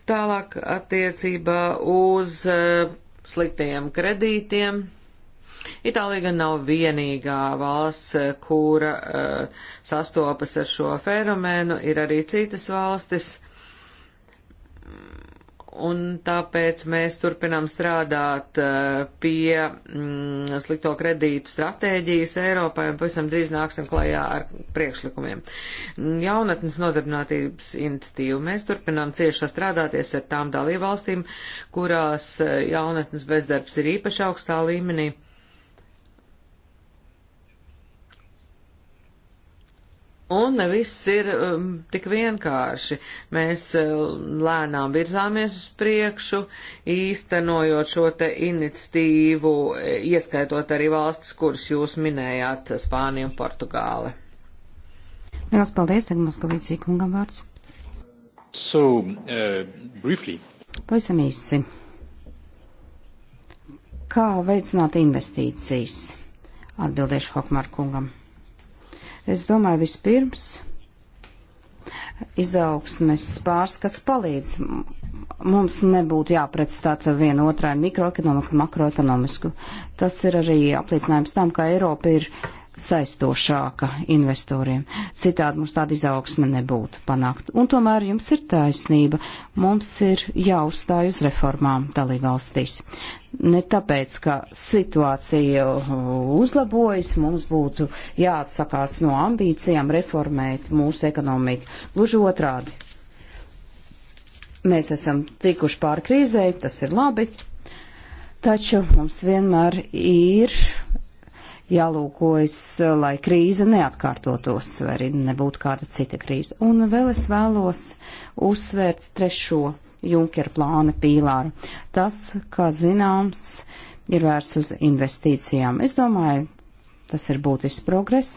Tālāk attiecībā uz eh, sliktajiem kredītiem. Itālija gan nav vienīgā valsts, kura uh, sastopas ar šo fenomenu, ir arī citas valstis, un tāpēc mēs turpinām strādāt uh, pie mm, slikto kredītu stratēģijas Eiropai un pavisam drīz nāksim klajā ar priekšlikumiem. Jaunatnes nodarbinātības iniciatīva. Mēs turpinām cieši sastrādāties ar tām dalībvalstīm, kurās uh, jaunatnes bezdarbs ir īpaši augstā līmenī. Un viss ir um, tik vienkārši. Mēs um, lēnām virzāmies uz priekšu, īstenojot šo te iniciatīvu, eh, ieskaitot arī valstis, kuras jūs minējāt, Spāniju un Portugāli. Lielas paldies, tagad Moskavīcī kungam vārds. So, uh, briefly. Pavisam īsi. Kā veicināt investīcijas? Atbildēšu Hokmar kungam. Es domāju, vispirms izaugsmes pārskats palīdz. Mums nebūtu jāpredstāt vienu otrai mikroekonomiku, makroekonomisku. Tas ir arī apliecinājums tam, ka Eiropa ir saistošāka investoriem. Citādi mums tāda izaugsme nebūtu panākt. Un tomēr jums ir taisnība. Mums ir jāuzstāj uz reformām dalībvalstīs. Ne tāpēc, ka situācija uzlabojas, mums būtu jāatsakās no ambīcijām reformēt mūsu ekonomiku. Gluži otrādi. Mēs esam tikuši pāri krīzei, tas ir labi, taču mums vienmēr ir jālūkojas, lai krīze neatkārtotos, vai arī nebūtu kāda cita krīze. Un vēl es vēlos uzsvērt trešo Junkera plāna pīlāru. Tas, kā zināms, ir vērsts uz investīcijām. Es domāju, tas ir būtisks progress.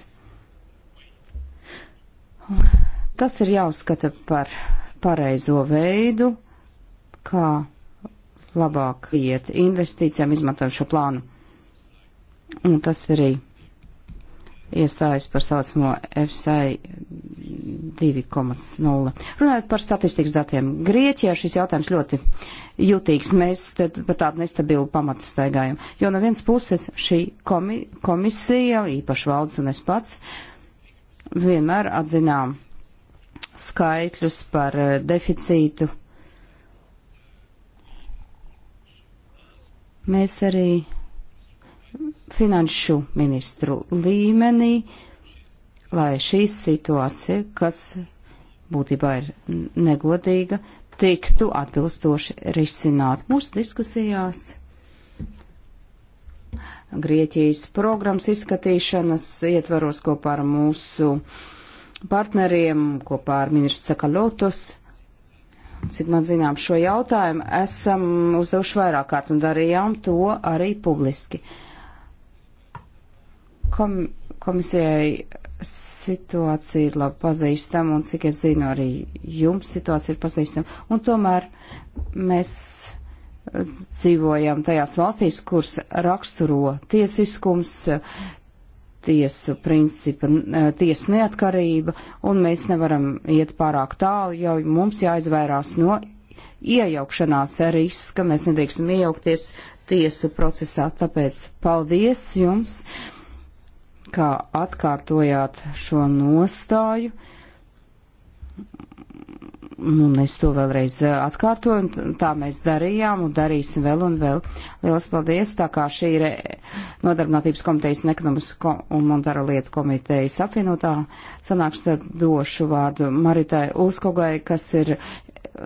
Tas ir jāuzskata par pareizo veidu, kā labāk iet investīcijām izmantojot šo plānu. Un tas arī iestājas par saucamo FSI 2,0. Runājot par statistikas datiem, Grieķijā šis jautājums ļoti jutīgs. Mēs par tādu nestabilu pamatu staigājam. Jo no vienas puses šī komi komisija, īpaši valdes un es pats, vienmēr atzinām skaitļus par eh, deficītu. Mēs arī finanšu ministru līmenī, lai šī situācija, kas būtībā ir negodīga, tiktu atbilstoši risināt mūsu diskusijās. Grieķijas programmas izskatīšanas ietvaros kopā ar mūsu partneriem, kopā ar ministru Cekalotus. Cik man zinām šo jautājumu, esam uzdevuši vairāk kārt un darījām to arī publiski. Uh, Kom komisijai situācija ir labi pazīstama, un cik es zinu, arī jums situācija ir pazīstama. Un tomēr mēs eh, dzīvojam tajās valstīs, kuras raksturo tiesiskums, tiesu principa, eh, tiesu neatkarība, un mēs nevaram iet pārāk tālu, jo mums jāizvairās no iejaukšanās riska, mēs nedrīkstam iejaukties tiesu procesā, tāpēc paldies jums! Uh, kā atkārtojāt šo nostāju. Un nu, es to vēlreiz eh, atkārtoju, un tā mēs darījām un darīsim vēl un vēl. Lielas paldies, tā kā šī ir Nodarbinātības komitejas un ekonomikas un monetāro lietu komitejas apvienotā sanāks, tad došu vārdu Maritai Ulskogai, kas ir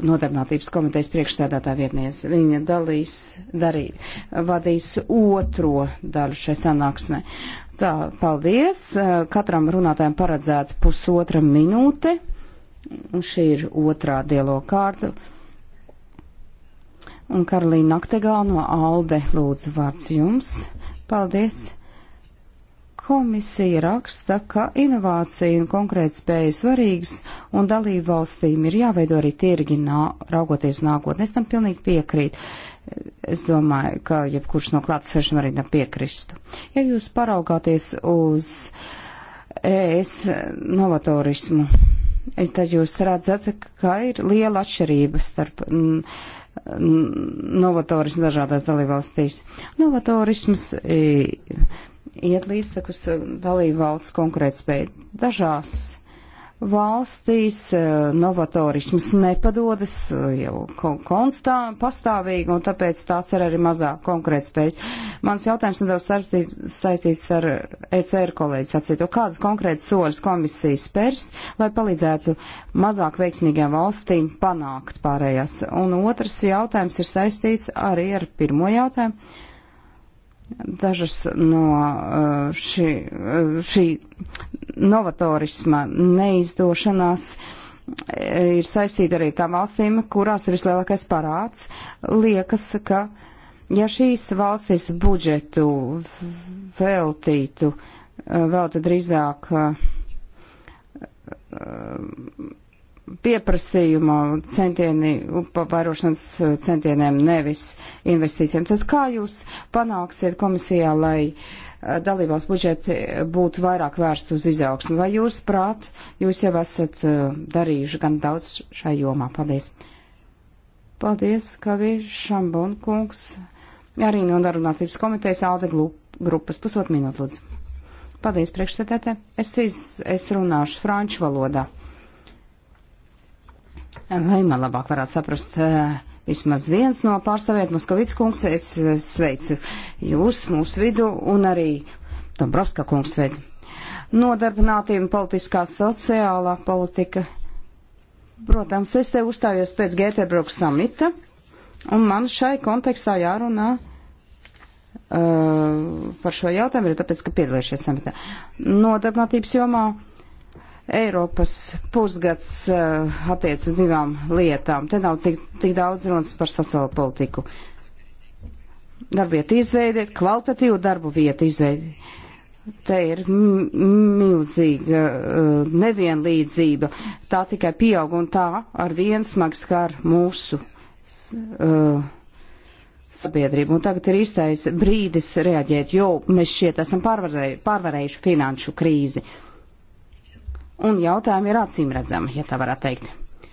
Nodarbinātības komitejas priekšsēdētā vietniece. Viņa dalīs, darī, vadīs otro daļu šai sanāksmē. Tā, paldies. Katram runātājam paredzēta pusotra minūte. Un šī ir otrā dialoga kārta. Un Karolīna Naktegā no Alde lūdzu vārds jums. Paldies komisija raksta, ka inovācija un konkrēta spēja svarīgas, un dalību valstīm ir jāveido arī tirgi, nā, raugoties nākotnē. Es tam pilnīgi piekrītu. Es domāju, ka jebkurš no klātesēšiem arī nepiekristu. Ja jūs paraugāties uz ES novatorismu, tad jūs redzat, ka ir liela atšķirība starp novatorismu dažādās dalībvalstīs. Novatorisms iet līdz tekus dalībvalsts konkurētspēja dažās valstīs eh, novatorisms nepadodas eh, jau konstā, pastāvīgi, un tāpēc tās ir arī mazāk konkrēt spējas. Mans jautājums nedaudz saistīts ar ECR kolēģis atcīto. Kādas konkrētas soļas komisijas spērs, lai palīdzētu mazāk veiksmīgām valstīm panākt pārējās? Un otrs jautājums ir saistīts arī ar pirmo jautājumu dažas no uh, šī, uh, šī novatorisma neizdošanās eh, ir saistīta arī tām valstīm, kurās ir vislielākais parāds. Liekas, ka ja šīs valstis budžetu veltītu, eh, velta drīzāk eh, pieprasījuma centieni, upavairošanas eh, centieniem, nevis investīcijiem. Tad kā jūs panāksiet komisijā, lai eh, dalībās budžeti būtu vairāk vērst uz izaugsmu? Vai jūs prāt, jūs jau esat eh, darījuši gan daudz šai jomā? Paldies! Paldies, Kavī Šambon kungs, arī no Darunātības komitejas Alde grupas pusotru minūtu lūdzu. Paldies, priekšsēdētē. Es, iz, es runāšu franču valodā. Lai man labāk varētu saprast, eh, vismaz viens no pārstāvēt Moskavits kungs, es eh, sveicu jūs mūsu vidu un arī Dombrovska kungs sveicu. Nodarbinātība politiskā sociālā politika. Protams, es te uzstājos pēc Gētebruks samita, un man šai kontekstā jārunā uh, par šo jautājumu, ir tāpēc, ka piedalījušies samitā. Nodarbinātības jomā Eiropas pusgads uh, attiec uz divām lietām. Te nav tik, tik daudz runas par sociālo politiku. Darbvietu izveidēt, kvalitatīvu darbu vietu izveidēt. Te ir milzīga uh, nevienlīdzība. Tā tikai pieaug un tā ar vien smag skar mūsu uh, sabiedrību. Un tagad ir īstais brīdis reaģēt, jo mēs šeit esam pārvarējuši, pārvarējuši finanšu krīzi. Uh, un jautājumi ir acīmredzami, ja tā varētu teikt.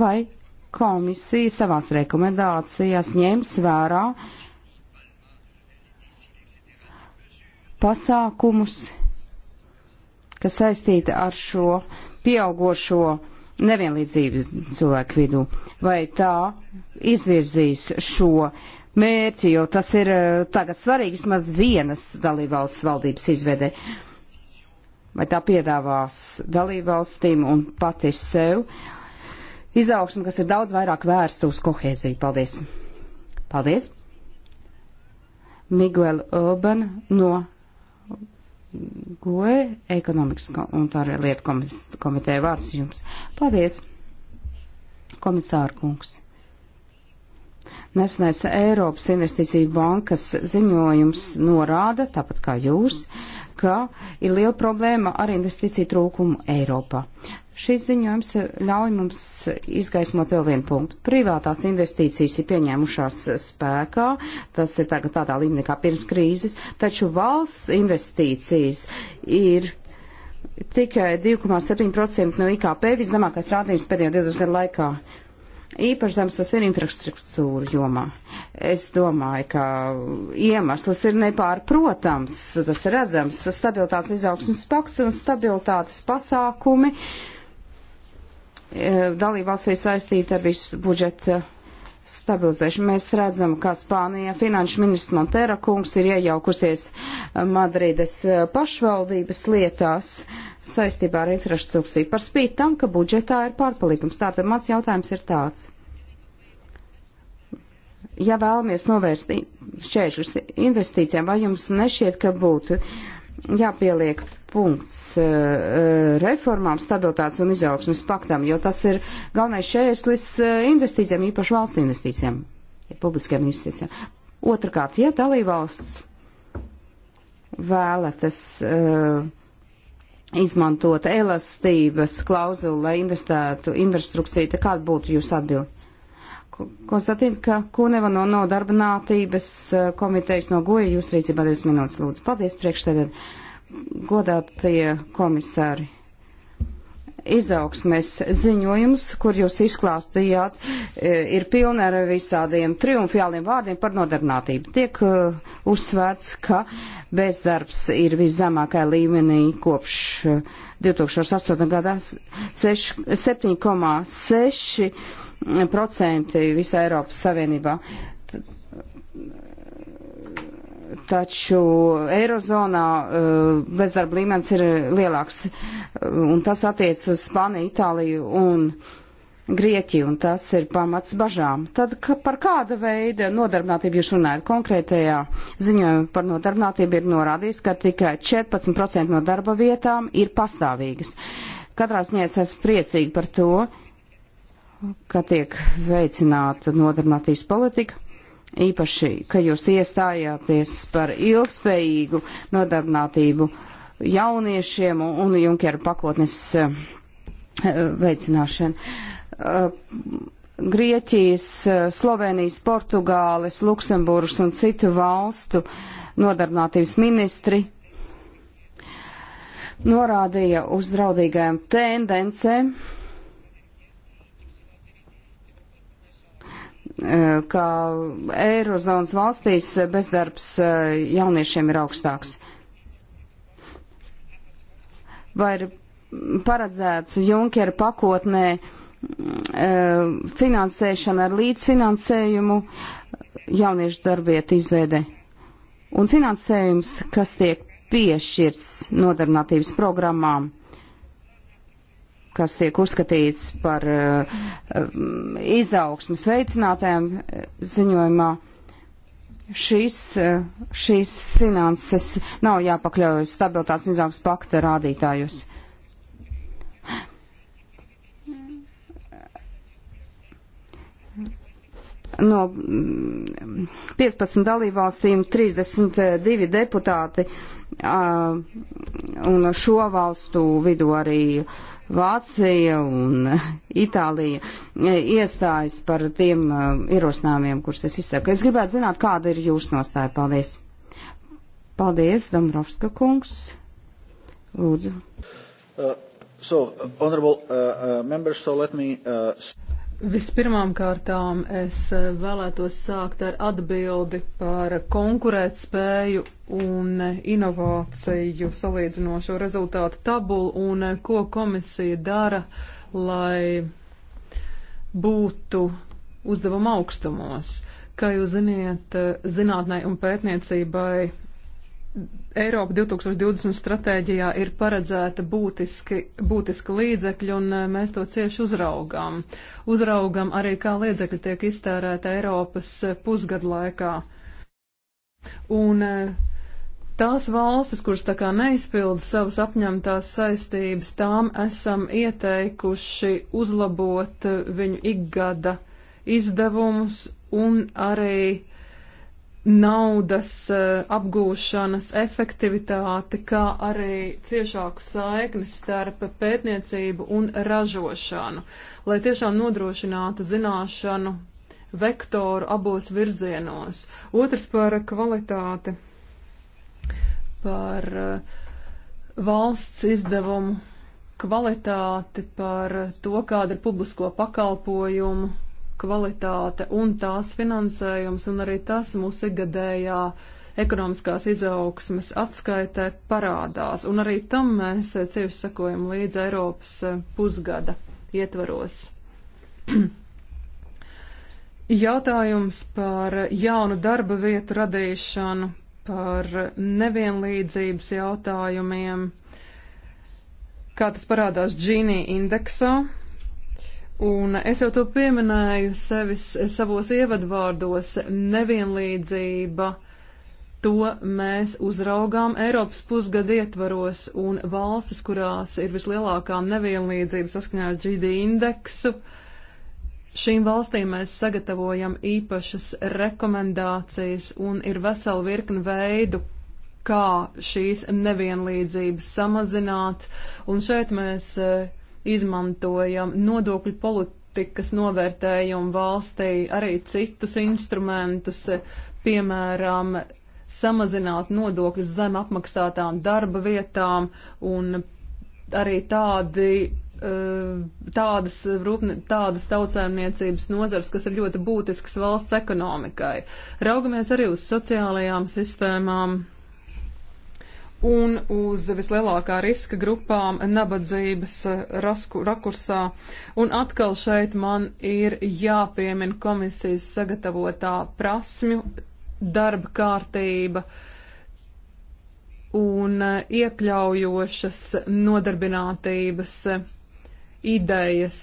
Vai komisija savās rekomendācijās ņems vērā pasākumus, kas saistīti ar šo pieaugošo nevienlīdzības cilvēku vidū, vai tā izvirzīs šo mērķi, jo tas ir eh, tagad svarīgs maz vienas dalībvalsts valdības izvedē. Uh, vai tā piedāvās dalībvalstīm un pati sev izaugsmu, kas ir daudz vairāk vērsta uz kohēziju. Paldies! Paldies! Miguel Urban no GOE ekonomikas un tā arī lietu komiteja vārds jums. Paldies, komisāra kungs. Nesenais Eiropas investīciju bankas ziņojums norāda, tāpat kā jūs, ka ir liela problēma ar investīciju trūkumu Eiropā. Šis ziņojums ļauj mums izgaismot vēl vienu punktu. Privātās investīcijas ir pieņēmušās spēkā, tas ir tagad tādā līmenī kā pirms krīzes, taču valsts investīcijas ir tikai 2,7% no IKP, viszemākais rādījums pēdējo 20 gadu laikā īpaši zems tas ir infrastruktūra jomā. Es domāju, ka iemesls ir nepārprotams, tas ir redzams, tas stabilitātes izaugsmas pakts un stabilitātes pasākumi e, dalībvalstī saistīti ar visu budžeta stabilizēšanu. Mēs redzam, ka Spānijā finanšu ministrs Montera kungs ir iejaukusies Madrides eh, pašvaldības lietās saistībā ar infrastruktūru par spīti tam, ka budžetā ir pārpalikums. Tātad mans jautājums ir tāds. Ja vēlamies novērst šķēršļus investīcijām, vai jums nešķiet, ka būtu uh, jāpieliek punkts uh, reformām, stabilitātes un izaugsmes paktam, jo tas ir galvenais šērslis eh, investīcijām, īpaši valsts investīcijām, publiskajām investīcijām. Otrakārt, ja dalībvalsts vēlatas uh, izmantot elastības klauzulu, lai investētu infrastrukciju, tad kāda būtu jūsu atbildi? konstatīt, ka Kuneva no nodarbinātības eh, komitejas no goja jūs rīcībā 20 minūtes lūdzu. Paldies priekšstādāt godātie komisāri. Izaugsmēs ziņojums, kur jūs izklāstījāt, eh, ir pilna ar visādiem triumfiāliem vārdiem par nodarbinātību. Tiek uh, uzsvērts, ka bezdarbs ir viszemākā līmenī kopš 2008. gadā 7,6 procenti visā Eiropas Savienībā. Taču Eirozonā eh, bezdarba līmenis ir lielāks, eh, un tas attiec uz Spāniju, Itāliju un Grieķiju, un tas ir pamats bažām. Tad ka, par kāda veida nodarbinātību jūs runājat? Konkrētajā ziņojumā par nodarbinātību ir norādīts, ka tikai 14% no darba vietām ir pastāvīgas. Katrā ziņā es esmu priecīgi par to, ka tiek veicināta nodarbinātīs politika, īpaši, ka jūs iestājāties par ilgspējīgu nodarbinātību jauniešiem un Junkera pakotnes eh, veicināšanu. Eh, Grieķijas, eh, Slovenijas, Portugāles, Luksemburgas un citu valstu nodarbinātības ministri norādīja uz draudīgajām tendencēm Eh, ka Eirozonas valstīs bezdarbs eh, jauniešiem ir augstāks. Vai ir paredzēts Junkera pakotnē eh, finansēšana ar līdzfinansējumu jauniešu darbietu izveidē? Un finansējums, kas tiek piešķirts nodarbinātības programmām, uh, kas tiek uzskatīts par uh, izaugsmas veicinātājiem eh, ziņojumā. Šīs, uh, eh, šīs finanses nav jāpakļauj stabilitātes un izaugsmas pakta rādītājus. No 15 mm, dalībvalstīm 32 deputāti uh, un šo valstu vidu arī uh, Vācija un Itālija e, iestājas par tiem e, ierosinājumiem, kurus es izsaku. Es gribētu zināt, kāda ir jūsu nostāja. Paldies! Paldies, Dombrovska kungs! Lūdzu! Uh, so, honorable uh, uh, members, so let me... Uh... Vispirmām kārtām es eh, vēlētos sākt ar atbildi par konkurētspēju un eh, inovāciju salīdzinošo rezultātu tabulu un eh, ko komisija dara, lai būtu uzdevuma augstumos. Kā jūs ziniet, zinātnē un pētniecībai Eiropa 2020 stratēģijā ir paredzēta būtiski, būtiski līdzekļi, un eh, mēs to cieši uzraugām. Uzraugam arī, kā līdzekļi tiek iztērēta Eiropas eh, pusgadu laikā. Un eh, tās valstis, kuras tā kā neizpilda savas apņemtās saistības, tām esam ieteikuši uzlabot viņu ikgada izdevumus un arī uh, naudas eh, apgūšanas efektivitāti, kā arī ciešāku saikni starp pētniecību un ražošanu, lai tiešām nodrošinātu zināšanu vektoru abos virzienos. Otrs par kvalitāti, par eh, valsts izdevumu kvalitāti, par to, kāda ir publisko pakalpojumu kvalitāte un tās finansējums, un arī tas mūsu gadējā ekonomiskās izaugsmes atskaitē parādās, un arī tam mēs eh, cieši sakojam līdz Eiropas eh, pusgada ietvaros. Jautājums par jaunu darba vietu radīšanu, par nevienlīdzības jautājumiem, kā tas parādās Džīnī indeksā, Un es jau to pieminēju sevis savos ievadvārdos - nevienlīdzība. To mēs uzraugām Eiropas pusgada ietvaros un valstis, kurās ir vislielākā nevienlīdzība saskaņā ar GD indeksu. Šīm valstīm mēs sagatavojam īpašas rekomendācijas un ir vesela virkna veidu, kā šīs nevienlīdzības samazināt. Un šeit mēs uh, izmantojam nodokļu politikas novērtējumu valstī, arī citus instrumentus, piemēram, samazināt nodokļus zem apmaksātām darba vietām un arī tādi eh, tādas, rūpne, tādas tautsēmniecības nozars, kas ir ļoti būtiskas valsts ekonomikai. Raugamies arī uz sociālajām sistēmām un uz vislielākā riska grupām nabadzības eh, rasku, rakursā. Un atkal šeit man ir jāpiemina komisijas sagatavotā prasmju darba kārtība un eh, iekļaujošas nodarbinātības eh, idejas.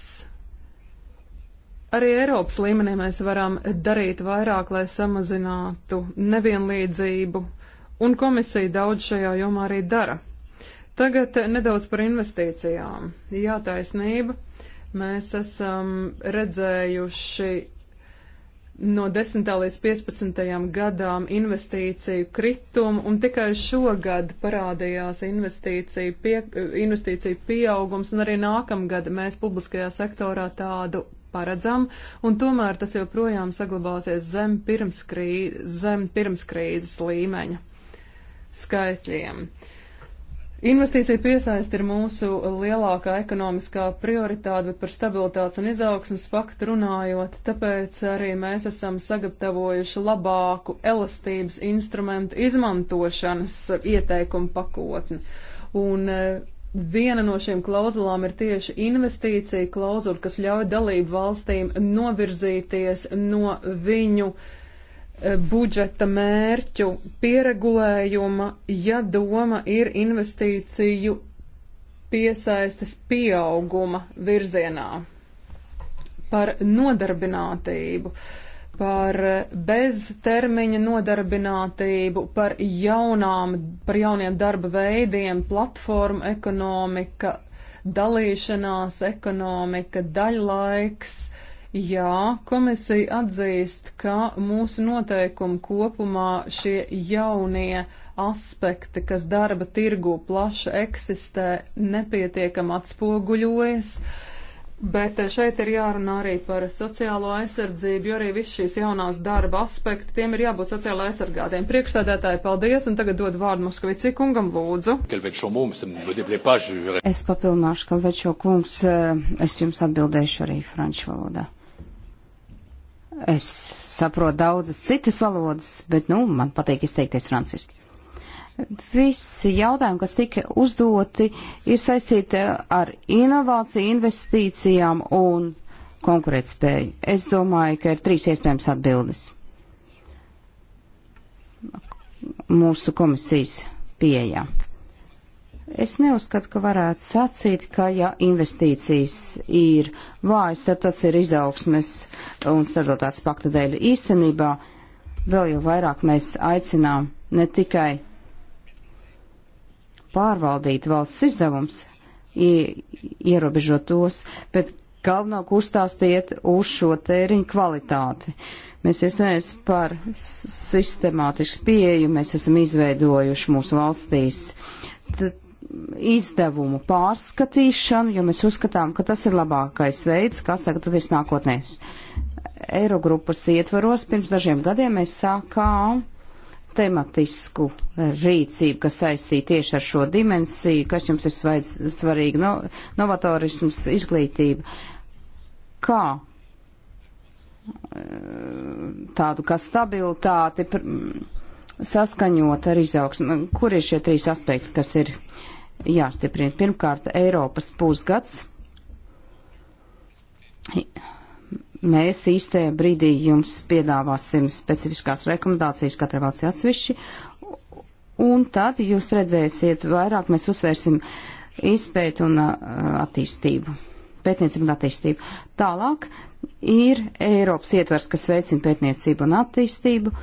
Arī Eiropas līmenī mēs varam darīt vairāk, lai samazinātu nevienlīdzību un komisija daudz šajā jomā arī dara. Tagad nedaudz par investīcijām. Jā, taisnība. Mēs esam redzējuši no 10. līdz 15. gadām investīciju kritumu, un tikai šogad parādījās investīciju, pie, investīciju pieaugums, un arī nākamgad mēs publiskajā sektorā tādu paredzam, un tomēr tas joprojām saglabāsies zem pirms, krī, zem pirms krīzes līmeņa skaitļiem. Investīcija piesaist ir mūsu lielākā ekonomiskā prioritāte, bet par stabilitātes un izaugsmas paktu runājot, tāpēc arī mēs esam sagatavojuši labāku elastības instrumentu izmantošanas ieteikumu pakotni. Un eh, Viena no šīm klauzulām ir tieši investīcija klauzula, kas ļauj dalību valstīm novirzīties no viņu uh, E, budžeta mērķu pieregulējuma, ja doma ir investīciju piesaistes pieauguma virzienā, par nodarbinātību, par beztermiņa nodarbinātību, par, jaunām, par jauniem darba veidiem, platformu ekonomika, dalīšanās ekonomika, daļlaiks. Uh, Jā, komisija atzīst, ka mūsu noteikumu kopumā šie jaunie aspekti, kas darba tirgu plaši eksistē, nepietiekam atspoguļojas. Bet šeit ir jārunā arī par sociālo aizsardzību, jo arī viss šīs jaunās darba aspekti, tiem ir jābūt sociāli aizsargātiem. Priekšsēdētāji, paldies, un tagad dod vārdu Muskavicī kungam, lūdzu. Es papilnāšu, Kalvečo kungs, eh, es jums atbildēšu arī franču valodā. Es saprotu daudzas citas valodas, bet, nu, man patīk izteikties franciski. Visi jautājumi, kas tika uzdoti, ir saistīti ar inovāciju, investīcijām un konkurētspēju. Es domāju, ka ir trīs iespējams atbildes mūsu komisijas pieejā. Es neuzskatu, ka varētu sacīt, ka ja investīcijas ir vājas, tad tas ir izaugsmes un stabilitātes pakta dēļ. Īstenībā vēl jau vairāk mēs aicinām ne tikai pārvaldīt valsts izdevums, ierobežot tos, bet galvenokārt uzstāstiet uz šo tēriņu kvalitāti. Mēs iestājamies par sistemātisku pieeju, mēs esam izveidojuši mūsu valstīs. Tad izdevumu pārskatīšanu, jo mēs uzskatām, ka tas ir labākais veids, kā sagatavoties nākotnē. Eirogrupas ietvaros pirms dažiem gadiem mēs sākām tematisku rīcību, kas saistīta tieši ar šo dimensiju, kas jums ir svaidz, svarīgi, no, novatorisms, izglītība. Kā tādu kā stabilitāti saskaņot ar izaugsmu? Kur ir šie trīs aspekti, kas ir uh, jāstiprina. Pirmkārt, Eiropas pusgads. Mēs īstajā brīdī jums piedāvāsim specifiskās rekomendācijas katrai valsts atsevišķi, un tad jūs redzēsiet vairāk, mēs uzsvērsim izpēt un uh, attīstību, pētniecību un attīstību. Tālāk ir Eiropas ietvers, kas veicina pētniecību un attīstību,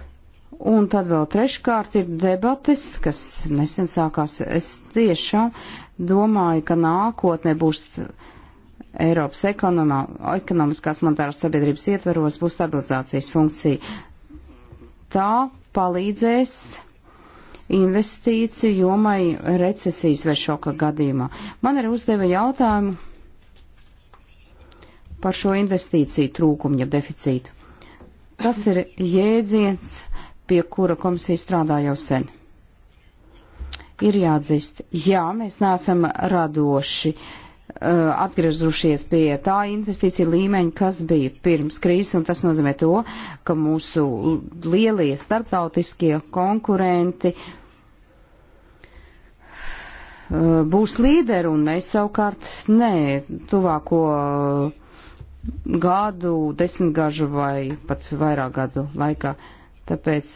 Un tad vēl treškārt ir debates, kas nesen sākās. Es tiešām domāju, ka nākotnē būs Eiropas ekonomā, ekonomiskās monetāras sabiedrības ietveros būs stabilizācijas funkcija. Tā palīdzēs investīciju jomai recesijas vai šoka gadījumā. Man ir uzdeva jautājumu par šo investīciju trūkumu, ja deficītu. Tas ir jēdziens pie kura komisija strādā jau sen. Ir jāatzīst, jā, mēs neesam radoši uh, atgriezušies pie tā investīcija līmeņa, kas bija pirms krīzes, un tas nozīmē to, ka mūsu lielie starptautiskie konkurenti uh, būs līderi, un mēs savukārt, nē, tuvāko uh, gadu, desmitgažu vai pat vairāk gadu laikā. Uh, Tāpēc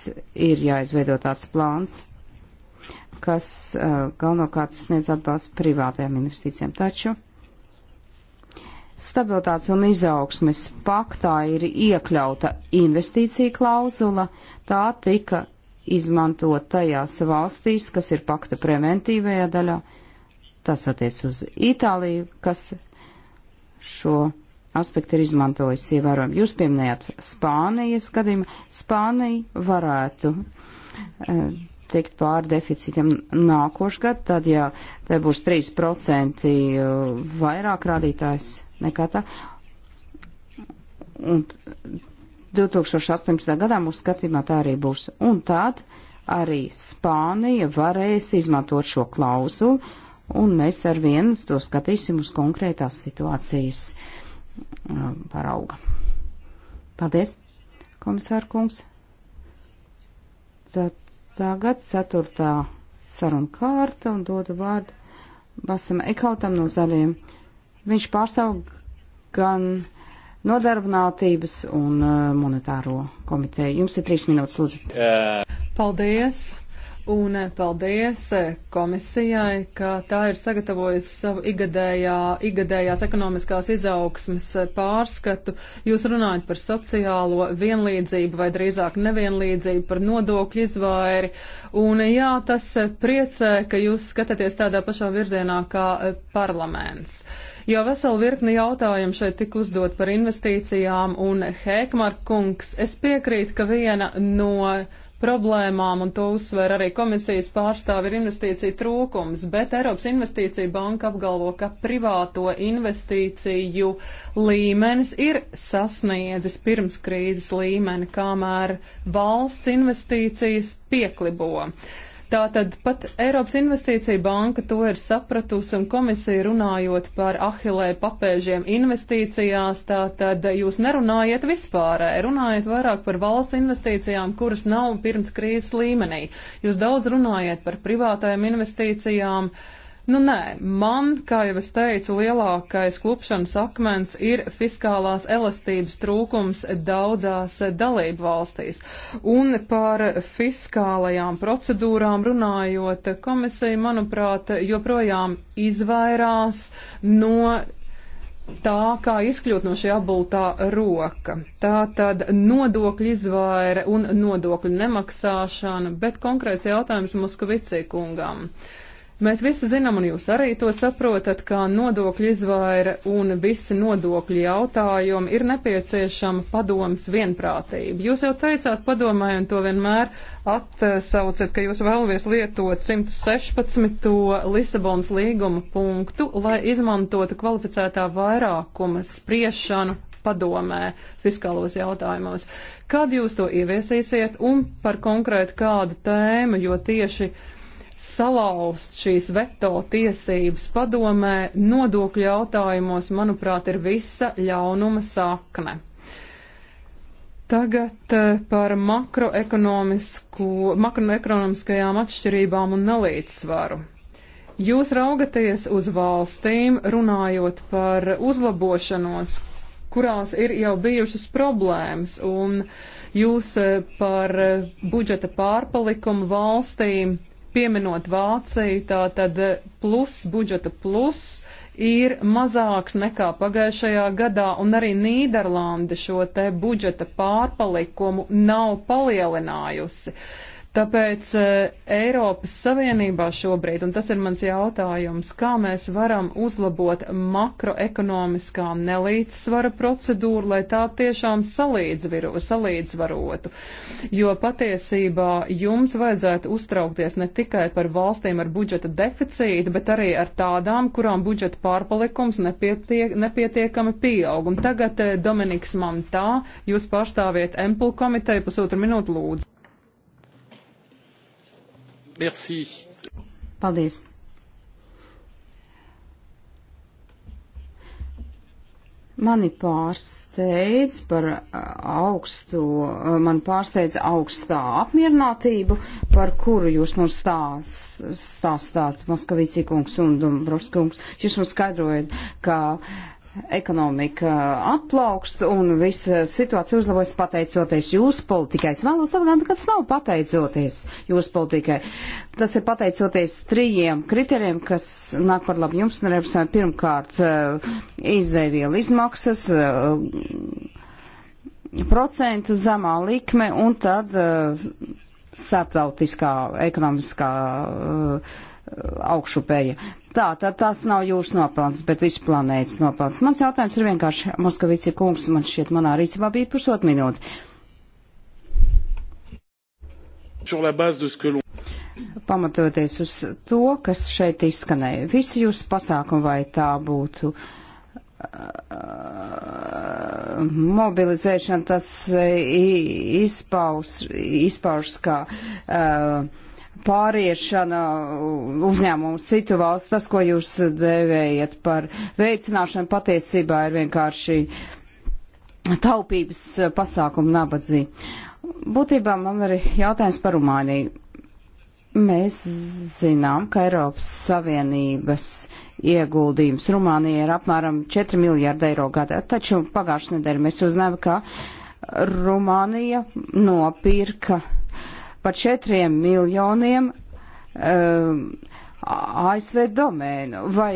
ir jāizveido tāds plāns, kas uh, galvenokārt sniedz atbalstu privātajām investīcijām. Taču stabilitātes un izaugsmes paktā ir iekļauta investīcija klauzula. Tā tika izmantot tajās valstīs, kas ir pakta preventīvajā daļā. Tas attiec uz Itāliju, kas šo aspekti ir izmantojis ievērojami. Jūs pieminējāt Spānijas gadījumu. Spānija varētu uh, tikt pāri deficītiem nākošgad, tad jā, te būs 3% eh, vairāk rādītājs nekā tā. Un 2018. gadā mūsu skatījumā tā arī būs. Un tad arī Spānija varēs izmantot šo klauzulu, un mēs ar vienu to skatīsim uz konkrētās situācijas. Uh, parauga. Paldies, komisārkungs. Tad tagad ceturtā saruna kārta un dodu vārdu Basam Ekautam no zaļiem. Viņš pārstāv gan nodarbinātības un eh, monetāro komiteju. Jums ir trīs minūtes, lūdzu. Paldies! Un paldies komisijai, ka tā ir sagatavojusi savu igadējā, igadējās ekonomiskās izaugsmes pārskatu. Jūs runājat par sociālo vienlīdzību vai drīzāk nevienlīdzību, par nodokļu izvairi. Un jā, tas priecē, ka jūs skatāties tādā pašā virzienā kā parlaments. Jau veselu virkni jautājumu šeit tik uzdot par investīcijām un Hēkmarkungs. Es piekrītu, ka viena no problēmām, un to uzsver arī komisijas pārstāvi, ir investīcija trūkums, bet Eiropas investīcija banka apgalvo, ka privāto investīciju līmenis ir sasniedzis pirms krīzes līmeni, kamēr valsts investīcijas pieklibo. Tātad pat Eiropas Investīcija banka to ir sapratusi un komisija runājot par ahilē papēžiem investīcijās, tātad jūs nerunājiet vispārē, runājiet vairāk par valsts investīcijām, kuras nav pirms krīzes līmenī. Jūs daudz runājiet par privātajām investīcijām. Uh, Nu, nē, man, kā jau es teicu, lielākais klupšanas akmens ir fiskālās elastības trūkums daudzās dalību valstīs. Un par fiskālajām procedūrām runājot, komisija, manuprāt, joprojām izvairās no tā, kā izkļūt no šī apbultā roka. Tā tad nodokļu izvaire un nodokļu nemaksāšana, bet konkrēts jautājums Muskavicī kungam. Uh, Mēs visi zinām, un jūs arī to saprotat, ka nodokļu izvaira un visi nodokļu jautājumi ir nepieciešama padomas vienprātība. Jūs jau teicāt padomai, un to vienmēr atsaucat, ka jūs vēlaties lietot 116. Lisabonas līguma punktu, lai izmantotu kvalificētā vairākuma spriešanu padomē fiskālos jautājumos. Kad jūs to ieviesīsiet un par konkrētu kādu tēmu, jo tieši uh, salauzt šīs veto tiesības padomē nodokļu jautājumos, manuprāt, ir visa ļaunuma sakne. Tagad eh, par makroekonomiskajām atšķirībām un nelīdzsvaru. Jūs raugaties uz valstīm, runājot par uzlabošanos, kurās ir jau bijušas problēmas, un jūs eh, par eh, budžeta pārpalikumu valstīm pieminot Vāciju, tā tad eh, plus, budžeta plus ir mazāks nekā pagājušajā gadā, un arī Nīderlanda šo te budžeta pārpalikumu nav palielinājusi. Uh, Tāpēc eh, Eiropas Savienībā šobrīd, un tas ir mans jautājums, kā mēs varam uzlabot makroekonomiskā nelīdzsvara procedūru, lai tā tiešām salīdzviru, salīdzvarotu. Jo patiesībā jums vajadzētu uztraukties ne tikai par valstīm ar budžeta deficītu, bet arī ar tādām, kurām budžeta pārpalikums nepietiek, nepietiekami pieaug. Un tagad eh, Dominiks Mantā, jūs pārstāviet Empul komiteju pusotru minūtu lūdzu. Merci. Paldies. Mani pārsteidz par augstu, man pārsteidz augstā apmierinātību, par kuru jūs mums stāst, stāstāt, Moskavici kungs un Dombrovs kungs. Jūs mums skaidrojat, ka uh, ekonomika atplaukst un visa eh, situācija uzlabojas pateicoties jūsu politikai. Es vēlos atgādināt, ka tas nav pateicoties jūsu politikai. Tas ir pateicoties trījiem kriterijiem, kas nāk par labu jums. Pirmkārt, eh, izēvielu izmaksas, eh, procentu zemā likme un tad starptautiskā ekonomiskā augšupēja Tā, tad tas nav jūsu nopelns, bet viss planētas nopelns. Mans jautājums ir vienkārši, Moskavici kungs, man šķiet, manā rīcībā bija pusot minūte. Pamatoties uz to, kas šeit izskanēja, visi jūsu pasākumi, vai tā būtu uh, mobilizēšana, tas izpaus, izpaužas kā uh, pāriešana uzņēmumu citu valsts, tas, ko jūs devējat par veicināšanu, patiesībā ir vienkārši taupības pasākumu nabadzī. Būtībā man arī jautājums par Rumāniju. Mēs zinām, ka Eiropas Savienības ieguldījums Rumānijai ir apmēram 4 miljārdi eiro gadā, taču pagājušajā nedēļā mēs uzzinājām, ka Rumānija nopirka par četriem miljoniem um, ASV domēnu. Vai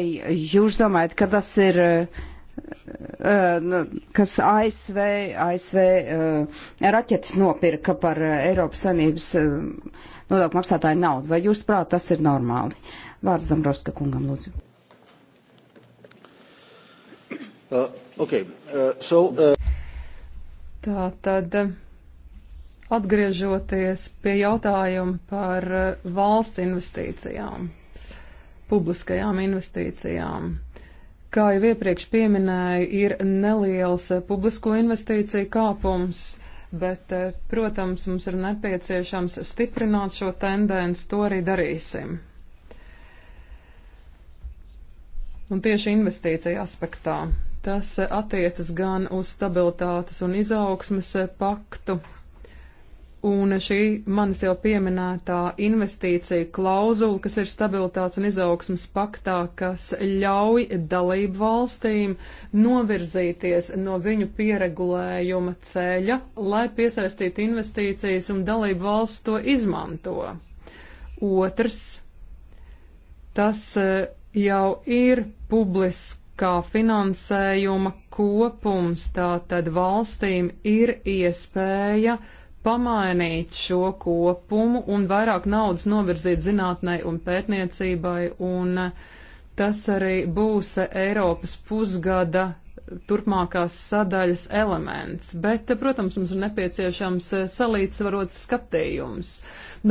jūs domājat, ka tas ir, uh, nu, kas ASV, ASV uh, raķetes nopirka par uh, Eiropas Sanības uh, nodokļu maksātāju naudu? Vai jūs prāt, tas ir normāli? Vārds Dambrovska kungam, lūdzu. Uh, okay. uh, so, uh... Tā tad. Uh... Atgriežoties pie jautājuma par eh, valsts investīcijām, publiskajām investīcijām, kā jau iepriekš pieminēju, ir neliels eh, publisko investīciju kāpums, bet, eh, protams, mums ir nepieciešams stiprināt šo tendenci, to arī darīsim. Un tieši investīcija aspektā tas attiecas gan uz stabilitātes un izaugsmes paktu, Un šī manis jau pieminētā investīcija klauzula, kas ir stabilitātes un izaugsmas paktā, kas ļauj dalību valstīm novirzīties no viņu pieregulējuma ceļa, lai piesaistītu investīcijas un dalību valsts to izmanto. Otrs tas eh, jau ir publiskā finansējuma kopums, tātad valstīm ir iespēja pamainīt šo kopumu un vairāk naudas novirzīt zinātnei un pētniecībai, un tas arī būs Eiropas pusgada turpmākās sadaļas elements, bet, protams, mums ir nepieciešams salīdzvarots skatījums.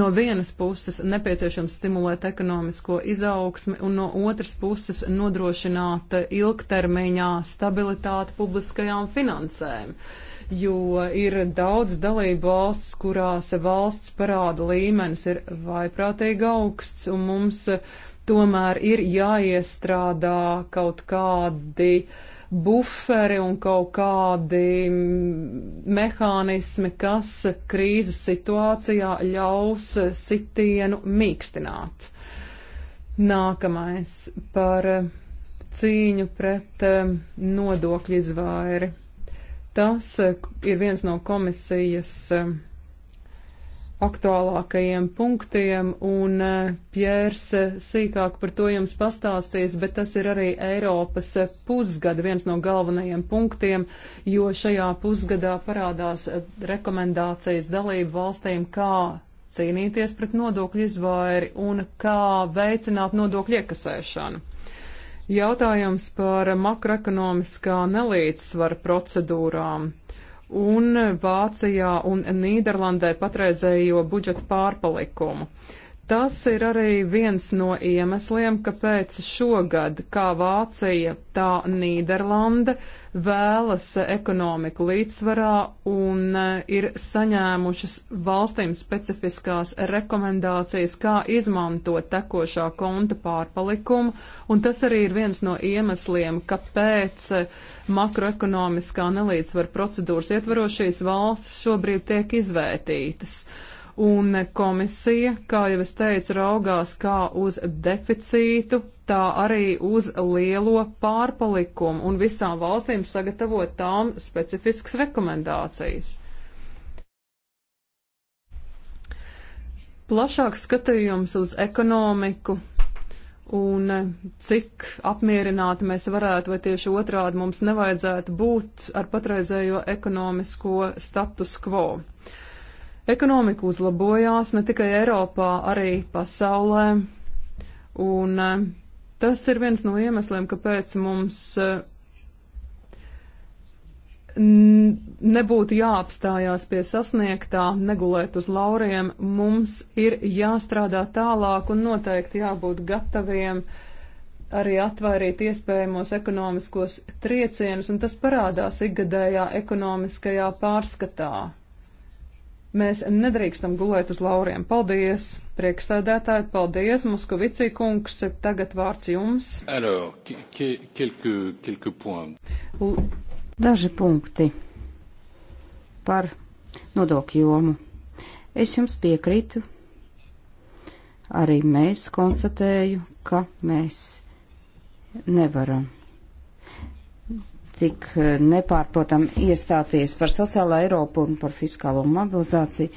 No vienas puses nepieciešams stimulēt ekonomisko izaugsmi, un no otras puses nodrošināt ilgtermiņā stabilitāti publiskajām finansēm. Uh, jo ir daudz dalību valsts, kurās valsts parāda līmenis ir vaiprātīgi augsts, un mums tomēr ir jāiestrādā kaut kādi buferi un kaut kādi mehānismi, kas krīzes situācijā ļaus sitienu mīkstināt. Nākamais par cīņu pret eh, nodokļu izvairi. Tas eh, ir viens no komisijas eh, aktuālākajiem punktiem, un eh, Pjērs sīkāk par to jums pastāstīs, bet tas ir arī Eiropas pusgada viens no galvenajiem punktiem, jo šajā pusgadā parādās rekomendācijas dalību valstīm, kā cīnīties pret nodokļu izvairi un kā veicināt nodokļu iekasēšanu. Jautājums par makroekonomiskā nelīdzsvara procedūrām un Vācijā un Nīderlandē patreizējo budžeta pārpalikumu. Tas ir arī viens no iemesliem, kāpēc šogad kā Vācija, tā Nīderlande vēlas ekonomiku līdzsvarā un eh, ir saņēmušas valstīm specifiskās rekomendācijas, kā izmantot tekošā konta pārpalikumu, un tas arī ir viens no iemesliem, kāpēc eh, makroekonomiskā nelīdzsvara procedūras ietvarošīs valstis šobrīd tiek izvērtītas. Uh, Un komisija, kā jau es teicu, raugās kā uz deficītu, tā arī uz lielo pārpalikumu un visām valstīm sagatavot tām specifiskas rekomendācijas. Plašāks skatījums uz ekonomiku un cik apmierināti mēs varētu, vai tieši otrādi mums nevajadzētu būt ar patreizējo ekonomisko status quo. Uh, Ekonomika uzlabojās ne tikai Eiropā, arī pasaulē. Un e, tas ir viens no iemesliem, kāpēc mums e, nebūtu jāapstājās pie sasniegtā, negulēt uz lauriem, mums ir jāstrādā tālāk un noteikti jābūt gataviem arī atvairīt iespējamos ekonomiskos triecienus, un tas parādās ikgadējā ekonomiskajā pārskatā. Mēs nedrīkstam gulēt uz lauriem. Paldies, prieksēdētāji, paldies, Muskovicī kungs, tagad vārds jums. Alors, quelques, quelques points. Daži punkti par nodokļu jomu. Es jums piekrītu. Arī mēs konstatēju, ka mēs nevaram tik eh, nepārprotam iestāties par sociālo Eiropu un par fiskālo mobilizāciju,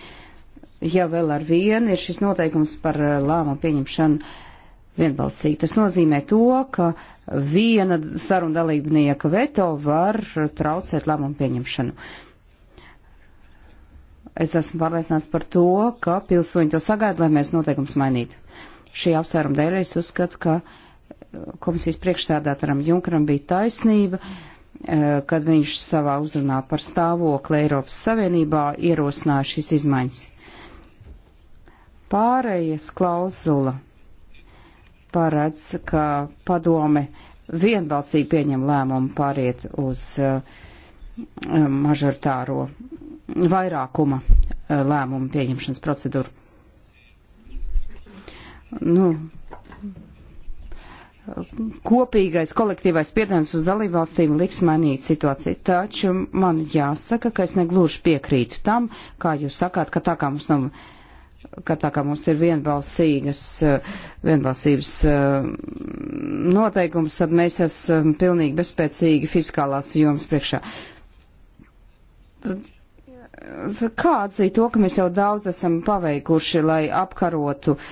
ja vēl ar vienu ir šis noteikums par eh, lēmumu pieņemšanu vienbalsīgi. Tas nozīmē to, ka viena saruna dalībnieka veto var traucēt lēmumu pieņemšanu. Es esmu pārliecināts par to, ka pilsoņi to sagaida, lai mēs noteikums mainītu. Šī apsvēruma dēļ es uzskatu, ka eh, komisijas priekšstādātaram Junkaram bija taisnība. Uh, Eh, kad viņš savā uzrunā par stāvokli Eiropas Savienībā ierosināja šīs izmaiņas. Pārējas klauzula paredz, ka padome vienbalsīgi pieņem lēmumu pāriet uz uh, mažoritāro vairākuma uh, lēmumu pieņemšanas procedūru. Nu, kopīgais kolektīvais spiediens uz dalībvalstīm liks mainīt situāciju. Taču man jāsaka, ka es negluži piekrītu tam, kā jūs sakāt, ka tā kā mums nav. Ka tā kā mums ir vienbalsīgas, vienbalsības mm, noteikums, tad mēs esam pilnīgi bezspēcīgi fiskālās jomas priekšā. Kā atzīt to, ka mēs jau daudz esam paveikuši, lai apkarotu uh,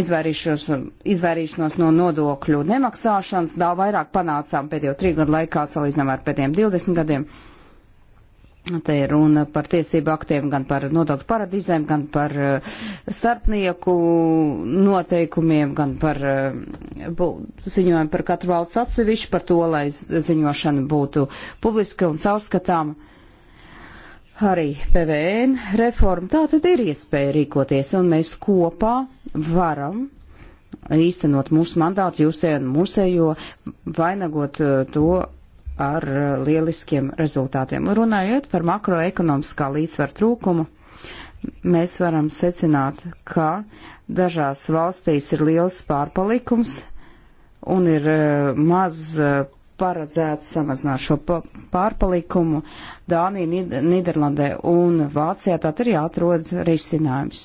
izvairīšanos no nodokļu nemaksāšanas, daudz vairāk panācām pēdējo trīs gadu laikā salīdzinām ar pēdējiem 20 gadiem. Te ir runa par tiesību aktiem, gan par nodokļu paradīzēm, gan par eh, starpnieku noteikumiem, gan par eh, ziņojumu par katru valsts atsevišķi, par to, lai ziņošana būtu publiska un caurskatāma arī PVN reformu. Tā tad ir iespēja rīkoties, un mēs kopā varam īstenot mūsu mandātu, jūsējo un mūsējo, vainagot uh, to ar uh, lieliskiem rezultātiem. Runājot par makroekonomiskā līdzsvaru trūkumu, mēs varam secināt, ka dažās valstīs ir liels pārpalikums un ir uh, maz paredzēts samazināt šo pārpalikumu Dānija, Niderlandē un Vācijā. Tātad ir jāatrod risinājums.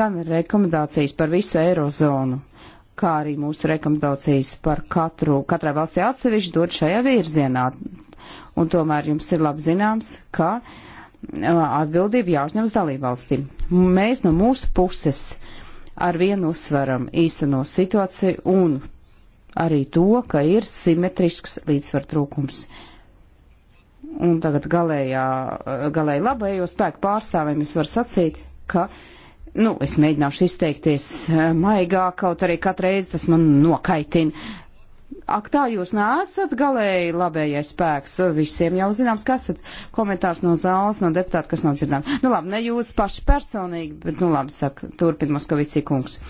Gan rekomendācijas par visu eirozonu, kā arī mūsu rekomendācijas par katru, katrai valstī atsevišķi dod šajā virzienā. Un tomēr jums ir labi zināms, ka atbildība jāuzņemas dalībvalstīm. Mēs no mūsu puses ar vienu uzsveram īsteno situāciju un arī to, ka ir simetrisks līdzsvar trūkums. Un tagad galējā, galēji labējo spēku pārstāvēm es varu sacīt, ka, nu, es mēģināšu izteikties eh, maigāk, kaut arī katreiz tas man nokaitina Ak tā jūs neesat galēji labējais spēks, visiem jau zināms, kas esat. Komentārs no zāles, no deputāta, kas nav dzirdām. Nu labi, ne jūs paši personīgi, bet nu labi, saka, turpin Moskavici kungs.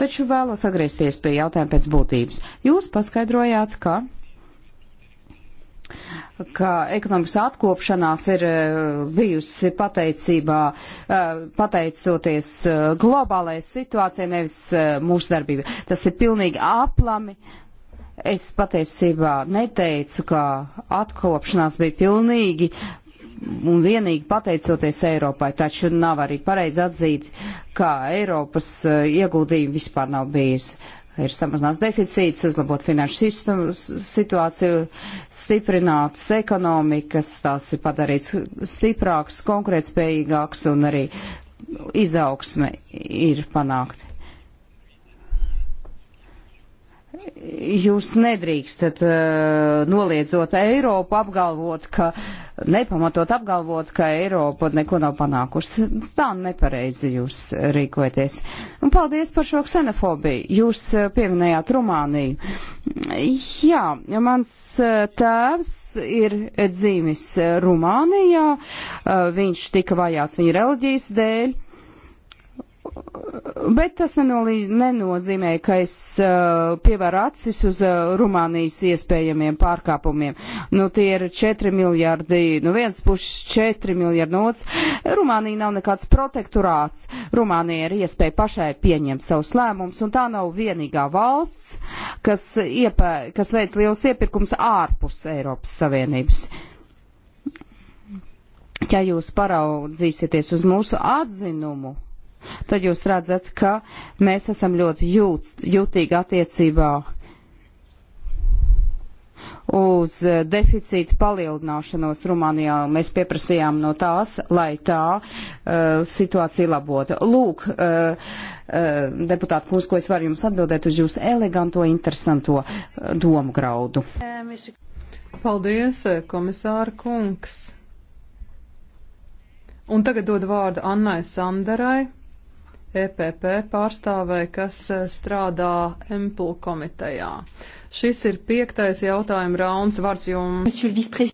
Taču vēlos atgriezties pie jautājuma pēc būtības. Jūs paskaidrojāt, ka ka ekonomikas atkopšanās ir eh, bijusi pateicībā, eh, pateicoties eh, globālajai situācijai, nevis mūsu darbībai. Tas ir pilnīgi aplami Es patiesībā neteicu, ka atkopšanās bija pilnīgi un vienīgi pateicoties Eiropai, taču nav arī pareizi atzīt, ka Eiropas eh, ieguldījumi vispār nav bijusi. Ir samazināts deficīts, uzlabot finanšu situāciju, stiprināts ekonomikas, tās ir padarīts stiprāks, konkurētspējīgāks un arī izaugsme ir panākta. Jūs nedrīkstat eh, noliedzot Eiropu, apgalvot, ka nepamatot apgalvot, ka Eiropa neko nav panākusi. Tā nepareizi jūs rīkojaties. Un paldies par šo ksenofobiju. Jūs eh, pieminējāt Rumāniju. Jā, mans eh, tēvs ir dzīvis Rumānijā. Viņš tika vajāts viņa reliģijas dēļ bet tas nenolīdz, nenozīmē, ka es uh, pievēru acis uz uh, Rumānijas iespējamiem pārkāpumiem. Nu, tie ir 4 miljardi, nu viens pušs 4 miljardi nots. Rumānija nav nekāds protektorāts. Rumānija ir iespēja pašai pieņemt savus lēmumus, un tā nav vienīgā valsts, kas, iepē, kas veids liels iepirkums ārpus Eiropas Savienības ja jūs paraudzieties uz mūsu atzinumu, tad jūs redzat, ka mēs esam ļoti jūt, jūtīgi attiecībā uz e, deficīta palielināšanos Rumānijā. Mēs pieprasījām no tās, lai tā uh, situācija labota. Lūk, uh, uh, deputāti kungs, ko es varu jums atbildēt uz jūsu eleganto, interesanto uh, domu graudu. Paldies, komisāra kungs. Un tagad dod vārdu Annai Sanderai, EPP pārstāvē, kas eh, strādā MPL komitejā. Šis ir piektais jautājuma rauns vārds jums.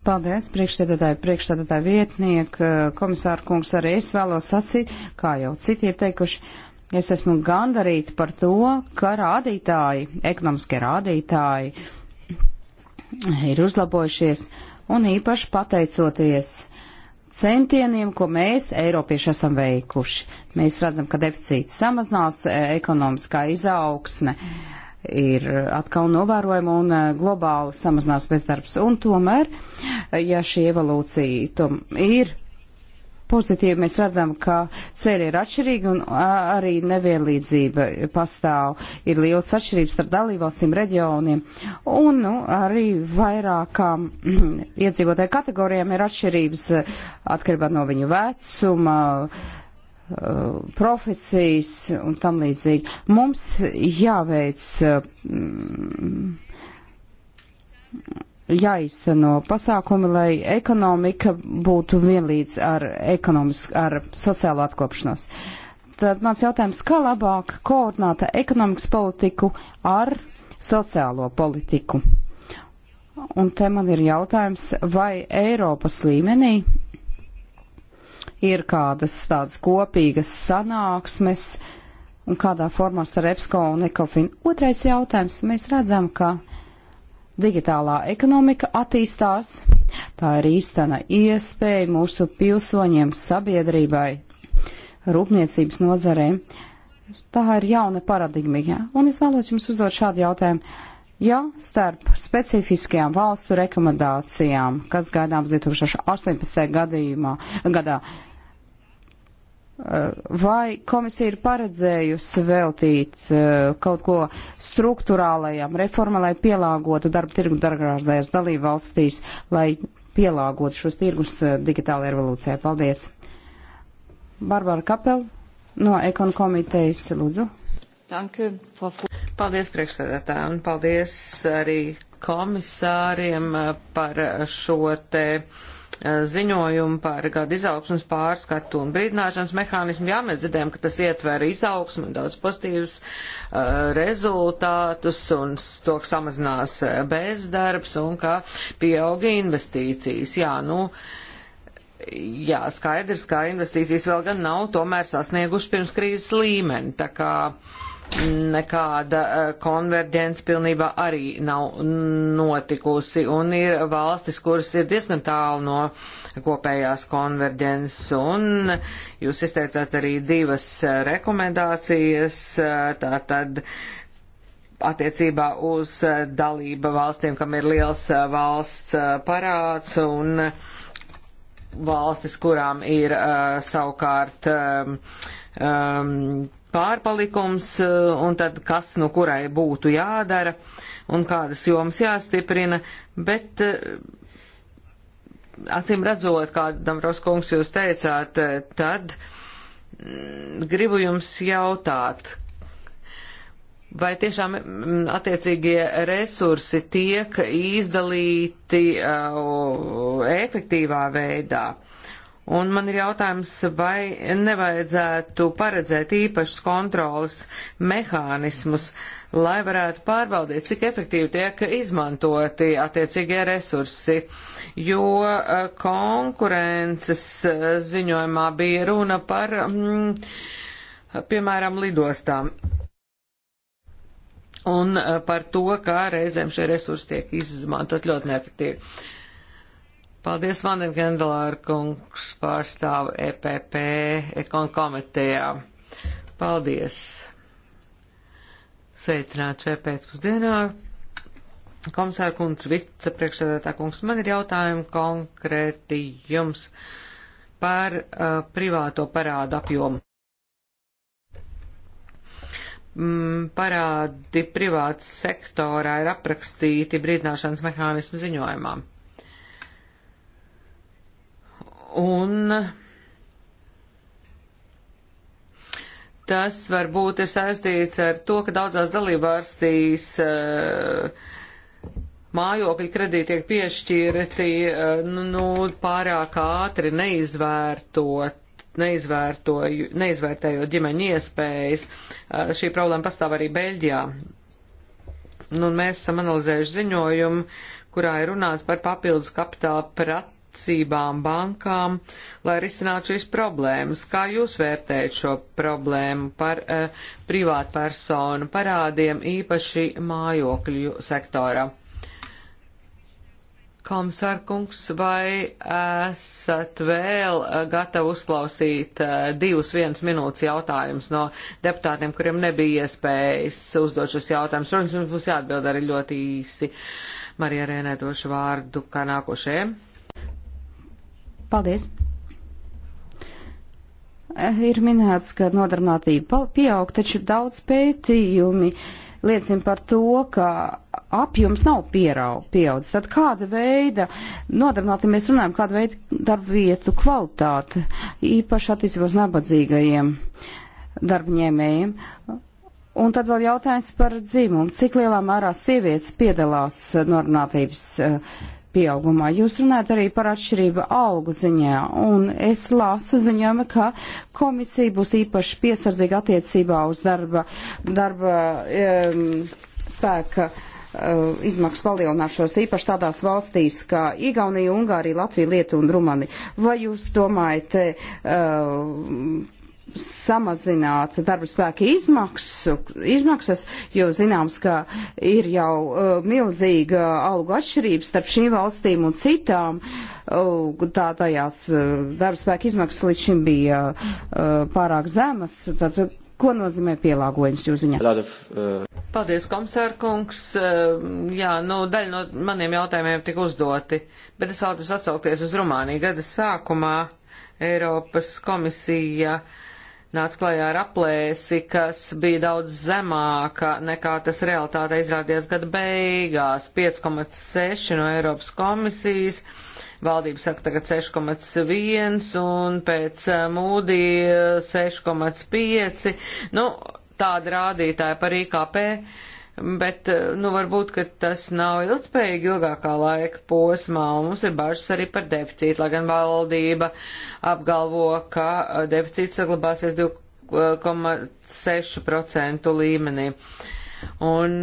Paldies, priekšstādātāji, priekšstādātāji vietnieki, eh, komisāra kungs, arī es vēlos sacīt, kā jau citi ir teikuši, es esmu gandarīta par to, ka rādītāji, ekonomiskie rādītāji ir uzlabojušies un īpaši pateicoties centieniem, ko mēs, Eiropieši, esam veikuši. Mēs redzam, ka deficīts samazinās, e, ekonomiskā izaugsme ir atkal novērojama un e, globāli samazinās bezdarbs. Un tomēr, e, ja šī evolūcija tom ir pozitīvi mēs redzam, ka ceļi ir atšķirīgi un arī nevienlīdzība pastāv. Ir liels atšķirības starp dalībvalstīm, reģioniem un nu, arī vairākām iedzīvotāju kategorijām ir atšķirības atkarībā no viņu vecuma profesijas un tam līdzīgi. Mums jāveic mm, jāizteno pasākumi, lai ekonomika būtu vienlīdz ar, ar sociālo atkopšanos. Tad mans jautājums, kā labāk koordināta ekonomikas politiku ar sociālo politiku? Un te man ir jautājums, vai Eiropas līmenī ir kādas tādas kopīgas sanāksmes, un kādā formā starp EPSCO un ECOFIN. Otrais jautājums. Mēs redzam, ka Digitālā ekonomika attīstās, tā ir īstena iespēja mūsu pilsoņiem, sabiedrībai, rūpniecības nozarēm. Tā ir jauna paradigma, ja? un es vēlos jums uzdot šādu jautājumu. Ja starp specifiskajām valstu rekomendācijām, kas gaidāms 2018. gadījumā, gadā, Eh, vai komisija ir paredzējusi veltīt eh, kaut ko struktūrālajām reformai, lai pielāgotu darba tirgu dargrāždējas dalību valstīs, lai pielāgotu šos tirgus eh, digitālajai revolūcijai? Paldies! Barbara Kapel no Ekon komitejas, lūdzu. Paldies, priekšsēdētāji, un paldies arī komisāriem par šo te ziņojumu par gada izaugsmas pārskatu un brīdināšanas mehānismu. Jā, mēs dzirdējām, ka tas ietver izaugsmu un daudz pozitīvus uh, rezultātus un to, ka samazinās uh, bezdarbs un ka pieauga investīcijas. Jā, nu, jā, skaidrs, ka investīcijas vēl gan nav tomēr sasnieguši pirms krīzes līmeni. Tā kā uh, nekāda eh, konverģence pilnībā arī nav notikusi, un ir valstis, kuras ir diezgan tālu no kopējās konverģences, un jūs izteicāt arī divas eh, rekomendācijas, eh, tātad attiecībā uz dalība valstīm, kam ir liels valsts parāds, un valstis, kurām ir savukārt um, pārpalikums eh, un tad kas no kurai būtu jādara un kādas jomas jāstiprina, bet eh, acīm redzot, kā Damros kungs jūs teicāt, eh, tad mm, gribu jums jautāt, vai tiešām mm, attiecīgie resursi tiek izdalīti uh, efektīvā veidā? Uh, Un man ir jautājums, vai nevajadzētu paredzēt īpašas kontrolas mehānismus, lai varētu pārbaudīt, cik efektīvi tiek izmantoti attiecīgie resursi. Jo eh, konkurences eh, ziņojumā bija runa par, mm, piemēram, lidostām. Un eh, par to, kā reizēm šie resursi tiek izmantot ļoti neefektīvi. Paldies, Vanim Gendelāra kungs, pārstāvu EPP ekon komitejā. Paldies. Sveicināt šajā pēcpusdienā. Komisāra kungs, vicepriekšsēdētā kungs, man ir jautājumi konkrēti jums par uh, privāto parādu apjomu mm, parādi privāts sektorā ir aprakstīti brīdināšanas mehānismu ziņojumā. Un tas varbūt ir saistīts ar to, ka daudzās dalībvalstīs eh, mājokļu kredīti tiek piešķirti eh, nu, nu, pārāk ātri neizvērtot neizvērtējot ģimeņu iespējas. Eh, šī problēma pastāv arī Beļģijā. Nu, mēs esam analizējuši ziņojumu, kurā ir runāts par papildus kapitāla prat, mācībām, bankām, lai risinātu šīs problēmas. Kā jūs vērtējat šo problēmu par eh, privātpersonu parādiem, īpaši mājokļu sektorā? Komisārkungs, vai esat vēl eh, gatavi uzklausīt eh, divus viens minūtes jautājumus no deputātiem, kuriem nebija iespējas uzdot šos jautājumus? Protams, mums būs jāatbild arī ļoti īsi. Marija Rēnē došu vārdu kā nākošajai. Paldies! Eh, ir minēts, ka nodarbinātība pieaug, taču daudz pētījumi liecina par to, ka apjoms nav pieaudzis. Tad kāda veida nodarbinātība mēs runājam, kāda veida darbvietu kvalitāte, īpaši attiecībā uz nabadzīgajiem darbņēmējiem. Un tad vēl jautājums par dzimumu. Cik lielā mērā sievietes piedalās norunātības eh, pieaugumā. Jūs runājat arī par atšķirību algu ziņā, un es lasu ziņojumu, ka komisija būs īpaši piesardzīga attiecībā uz darba, darba um, spēka uh, eh, izmaksu palielināšos īpaši tādās valstīs kā Igaunija, Ungārija, Latvija, Lietu un Rumani. Vai jūs domājat, uh, samazināt darba spēka izmaksu, izmaksas, jo zināms, ka ir jau uh, milzīga algu atšķirības starp šīm valstīm un citām. Uh, tā tajās uh, darba spēka izmaksas līdz šim bija uh, pārāk zemas. Tad, ko nozīmē pielāgojums jūs ziņā? Uh, Paldies, komisārkungs. Uh, um, jā, nu, daļa no maniem jautājumiem tika uzdoti, bet es vēlos atsaukties uz Rumāniju. Gada sākumā Eiropas komisija uh, nāca klajā ar aplēsi, kas bija daudz zemāka nekā tas realitāte izrādījās gada beigās - 5,6 no Eiropas komisijas, valdība saka tagad 6,1 un pēc eh, mūdī 6,5. Eh, nu, tāda rādītāja par IKP bet, eh, nu, varbūt, ka tas nav ilgspējīgi ilgākā laika posmā, un mums ir bažas arī par deficītu, lai gan valdība apgalvo, ka eh, deficīts saglabāsies 2,6% eh, līmenī. Un,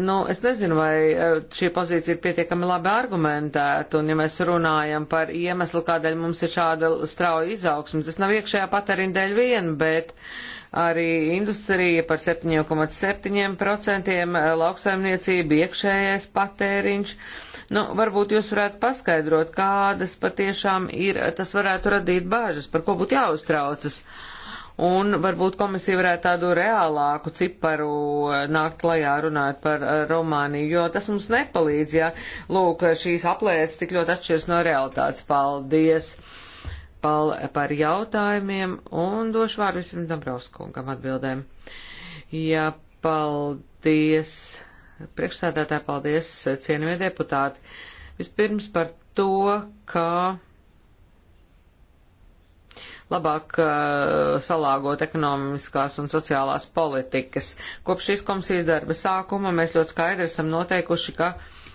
nu, es nezinu, vai šī pozīcija ir pietiekami labi argumentēta, un ja mēs runājam par iemeslu, kādēļ mums ir šāda strauja izaugsmes, tas nav iekšējā patēriņa dēļ vien, bet uh, arī industrija par 7,7%, eh, lauksaimniecība, iekšējais patēriņš. Nu, varbūt jūs varētu paskaidrot, kādas patiešām ir, tas varētu radīt bāžas, par ko būtu jāuztraucas. Un varbūt komisija varētu tādu reālāku ciparu eh, nākt klajā runāt par eh, Romāniju, jo tas mums nepalīdz, ja, lūk, šīs aplēses tik ļoti atšķiras no realitātes. Paldies! par jautājumiem un došu vārdu vispirms Dabrauskungam atbildēm. Jā, paldies. Priekšstādātāji, paldies, cienījamie deputāti. Vispirms par to, kā labāk uh, salāgot ekonomiskās un sociālās politikas. Kopš šīs komisijas darba sākuma mēs ļoti skaidri esam noteikuši, ka uh,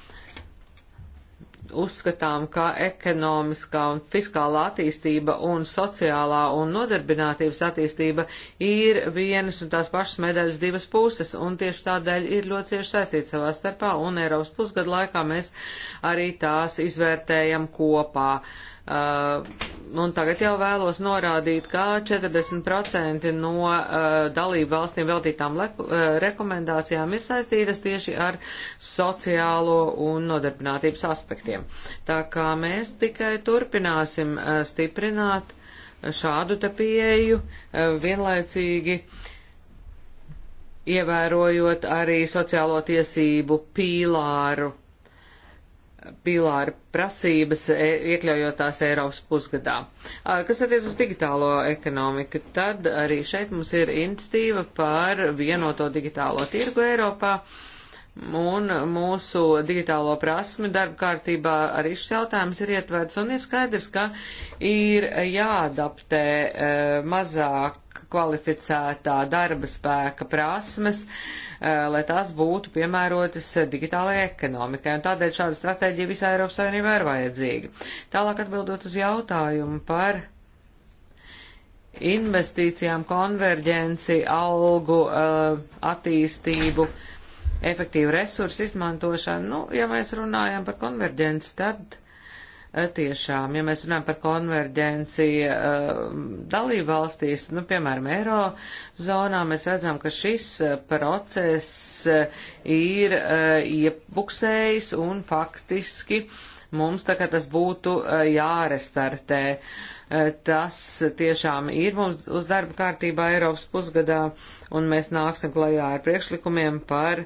uzskatām, ka ekonomiskā un fiskālā attīstība un sociālā un nodarbinātības attīstība ir vienas un tās pašas medaļas divas puses, un tieši tādēļ ir ļoti cieši saistīti savā starpā, un Eiropas pusgadu laikā mēs arī tās izvērtējam kopā. Uh, Uh, un tagad jau vēlos norādīt, ka 40% no uh, dalību valstīm veltītām leku, uh, rekomendācijām ir saistītas tieši ar sociālo un nodarbinātības aspektiem. Tā kā mēs tikai turpināsim uh, stiprināt šādu te pieeju uh, vienlaicīgi ievērojot arī sociālo tiesību pīlāru pīlāra prasības, e, iekļaujot tās Eiropas pusgadā. Kas attiec uz digitālo ekonomiku, tad arī šeit mums ir institīva par vienoto digitālo tirgu Eiropā. Un mūsu digitālo prasmi darba kārtībā arī šis jautājums ir ietverts, un ir skaidrs, ka ir jāadaptē e, mazāk kvalificētā darba spēka prasmes uh, Eh, lai tās būtu piemērotas digitālajai ekonomikai, un tādēļ šāda stratēģija visā Eiropas Savienībā ir vajadzīga. Tālāk atbildot uz jautājumu par investīcijām, konverģenci, algu eh, attīstību, efektīvu resursu izmantošanu, nu, ja mēs runājam par konverģenci, tad Eh, tiešām, ja mēs runājam par konverģenciju eh, dalību valstīs, nu, piemēram, eiro zonā, mēs redzam, ka šis eh, process ir iepuksējis un faktiski mums tā kā tas būtu jārestартē. Uh, Eh, tas tiešām ir mums uz darba kārtībā Eiropas pusgadā, un mēs nāksim klajā ar priekšlikumiem par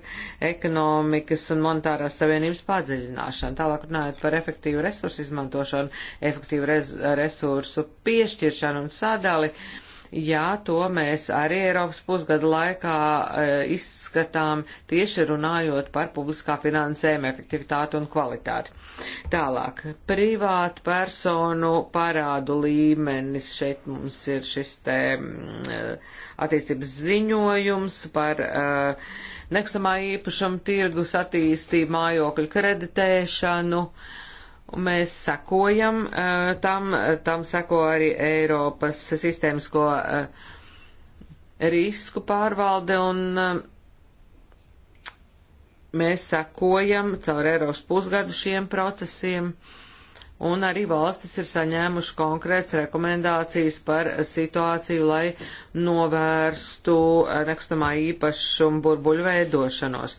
ekonomikas un monetārās savienības padziļināšanu. Tālāk runājot par efektīvu resursu izmantošanu, efektīvu resursu piešķiršanu un sadali. Uh, Jā, to mēs arī Eiropas pusgada laikā e, izskatām tieši runājot par publiskā finansējuma efektivitāti un kvalitāti. Tālāk, privātu personu parādu līmenis. Šeit mums ir šis te e, attīstības ziņojums par e, nekustamā īpašuma tirgus attīstību, mājokļu kreditēšanu. E, Un mēs sekojam eh, tam, tam seko arī Eiropas sistēmisko eh, risku pārvalde un eh, mēs sekojam caur Eiropas pusgadu šiem procesiem. Uh, un arī valstis ir saņēmuši konkrēts rekomendācijas par situāciju, lai novērstu nekustamā īpašuma burbuļu veidošanos.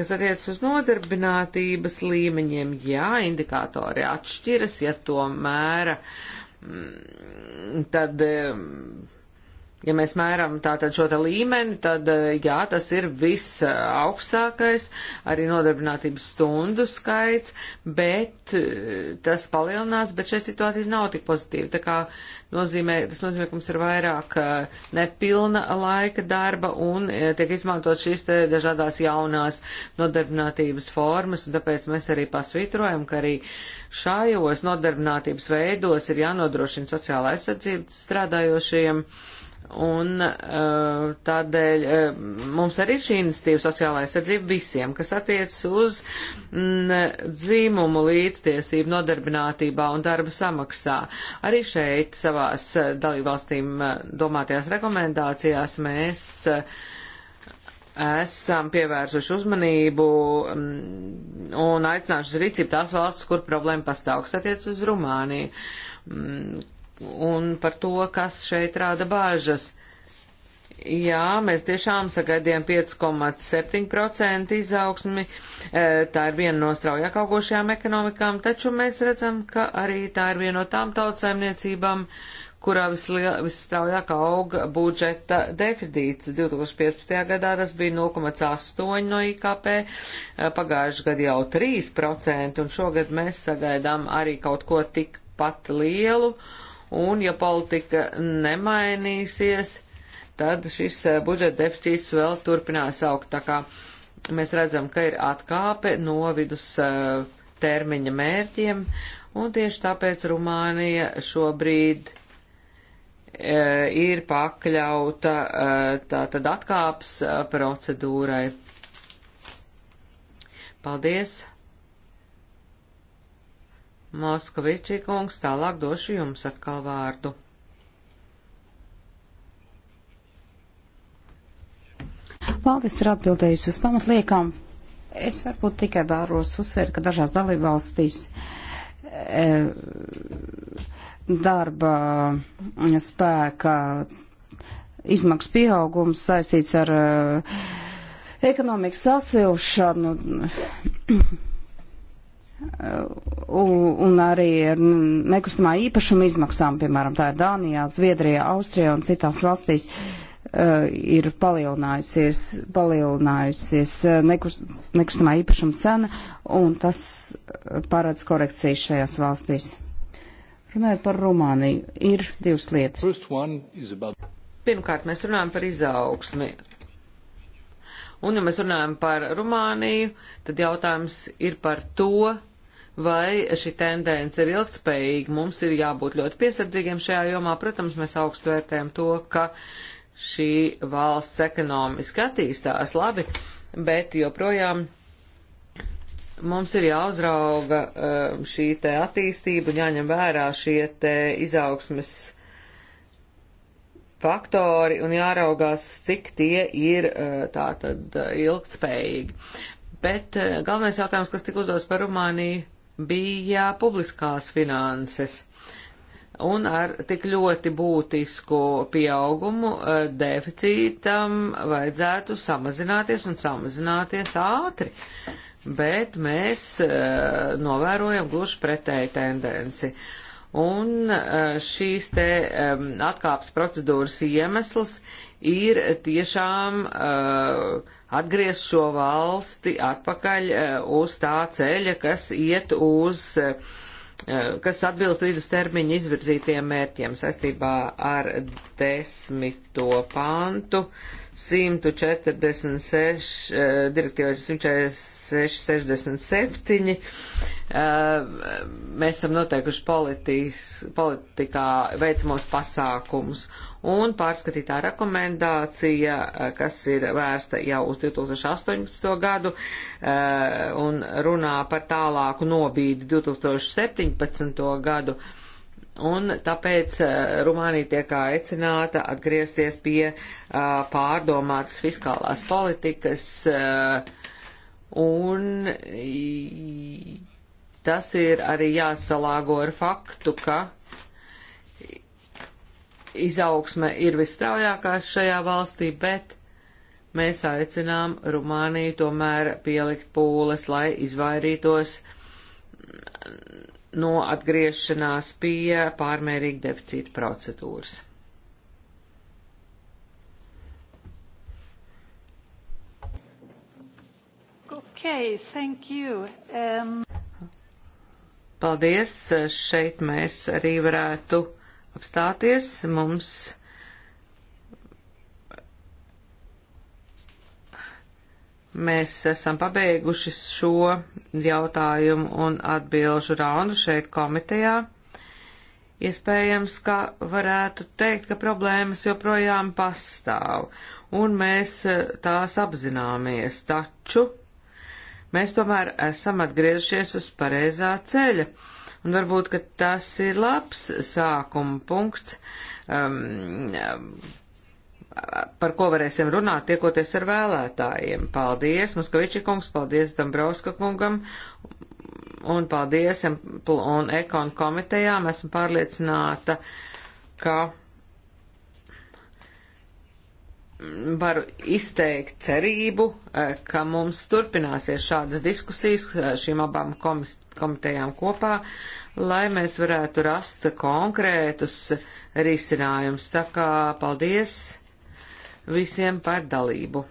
Kas attiecas uz nodarbinātības līmeņiem, jā, indikātori atšķiras, ja to mēra, mm, tad ja mēs mēram tātad šo te līmeni, tad eh, jā, tas ir viss augstākais, arī nodarbinātības stundu skaits, bet eh, tas palielinās, bet šeit situācija nav tik pozitīva. Tā kā nozīmē, tas nozīmē, ka mums ir vairāk eh, nepilna laika darba un tiek izmantot šīs te dažādās jaunās nodarbinātības formas, un tāpēc mēs arī pasvītrojam, ka arī šajos nodarbinātības veidos ir jānodrošina sociāla aizsardzība strādājošajiem. Uh, Un uh, tādēļ uh, mums arī ir šī iniciatīva sociālā aizsardzība visiem, kas attiecas uz mm, dzīmumu līdztiesību nodarbinātībā un darba samaksā. Arī šeit savās uh, dalībvalstīm uh, domātajās rekomendācijās mēs uh, esam pievērsuši uzmanību mm, un aicinājuši uz rīcību tās valsts, kur problēma pastāv, kas attiecas uz Rumāniju. Mm, un par to, kas šeit rāda bāžas. Jā, mēs tiešām sagaidījām 5,7% izaugsmi, e, tā ir viena no straujāk augošajām ekonomikām, taču mēs redzam, ka arī tā ir viena no tām tautsaimniecībām, kurā visstraujāk auga budžeta deficīts. 2015. gadā tas bija 0,8 no IKP, e, pagājuši gadu jau 3%, un šogad mēs sagaidām arī kaut ko tikpat lielu. Uh, un ja politika nemainīsies, tad šis eh, budžeta deficīts vēl turpinās augt. Tā kā mēs redzam, ka ir atkāpe no vidus eh, termiņa mērķiem, un tieši tāpēc Rumānija šobrīd eh, ir pakļauta tātad atkāps procedūrai. Paldies! Moskavičī kungs, tālāk došu jums atkal vārdu. Valdes ir atbildējusi uz pamatliekām. Es varbūt tikai vēlos uzsvērt, ka dažās dalībvalstīs e, darba spēka izmaksu pieaugums saistīts ar e, ekonomikas sasilšanu un arī ar nekustamā īpašuma izmaksām, piemēram, tā ir Dānijā, Zviedrijā, Austrijā un citās valstīs, eh, ir palielinājusies, palielinājusies eh, nekust, nekustamā īpašuma cena, un tas paredz korekcijas šajās valstīs. Runājot par Rumāniju, ir divas lietas. Pirmkārt, mēs runājam par izaugsmi. Un, ja mēs runājam par Rumāniju, tad jautājums ir par to, vai šī tendence ir ilgtspējīga. Mums ir jābūt ļoti piesardzīgiem šajā jomā. Protams, mēs augstu vērtējam to, ka šī valsts ekonomiski attīstās labi, bet joprojām mums ir jāuzrauga eh, šī te attīstība, jāņem vērā šie te izaugsmes faktori un jāraugās, cik tie ir eh, tātad eh, ilgtspējīgi. Bet galvenais jautājums, kas tika uzdots par Rumāniju, bija publiskās finanses. Un ar tik ļoti būtisku pieaugumu eh, deficītam vajadzētu samazināties un samazināties ātri. Bet mēs eh, novērojam gluži pretēju tendenci. Un eh, šīs te atkāpes procedūras iemesls ir tiešām uh, atgriezt šo valsti atpakaļ eh, uz tā ceļa, kas iet uz eh, kas atbilst vidustermiņa izvirzītiem mērķiem saistībā ar desmito pantu 146, eh, direktīva 14667. Mēs esam noteikuši politikas, politikā veicamos pasākumus un pārskatītā rekomendācija, eh, kas ir vērsta jau uz 2018. gadu eh, un runā par tālāku nobīdi 2017. gadu. Un tāpēc eh, Rumānija tiek aicināta atgriezties pie pārdomātas fiskālās politikas un tas ir arī jāsalāgo ar faktu, ka izaugsme ir visstraujākā šajā valstī, bet mēs aicinām Rumāniju tomēr pielikt pūles, lai izvairītos no atgriešanās pie pārmērīga deficīta procedūras. Okay, thank you. Um... Paldies, šeit mēs arī varētu apstāties. Mums mēs esam pabeiguši šo jautājumu un atbilžu raundu šeit komitejā. Iespējams, ka varētu teikt, ka problēmas joprojām pastāv, un mēs eh, tās apzināmies, taču mēs tomēr esam atgriezušies uz pareizā ceļa Un varbūt, ka tas ir labs sākuma punkts, um, par ko varēsim runāt, tiekoties ar vēlētājiem. Paldies, Muskaviči kungs, paldies Dambrauska kungam un paldies un ekon komitejām. Esmu pārliecināta, ka varu izteikt cerību, e, ka mums turpināsies šādas diskusijas e, šīm abām komitejām kopā, lai mēs varētu rast konkrētus risinājumus. Tā kā paldies visiem par dalību!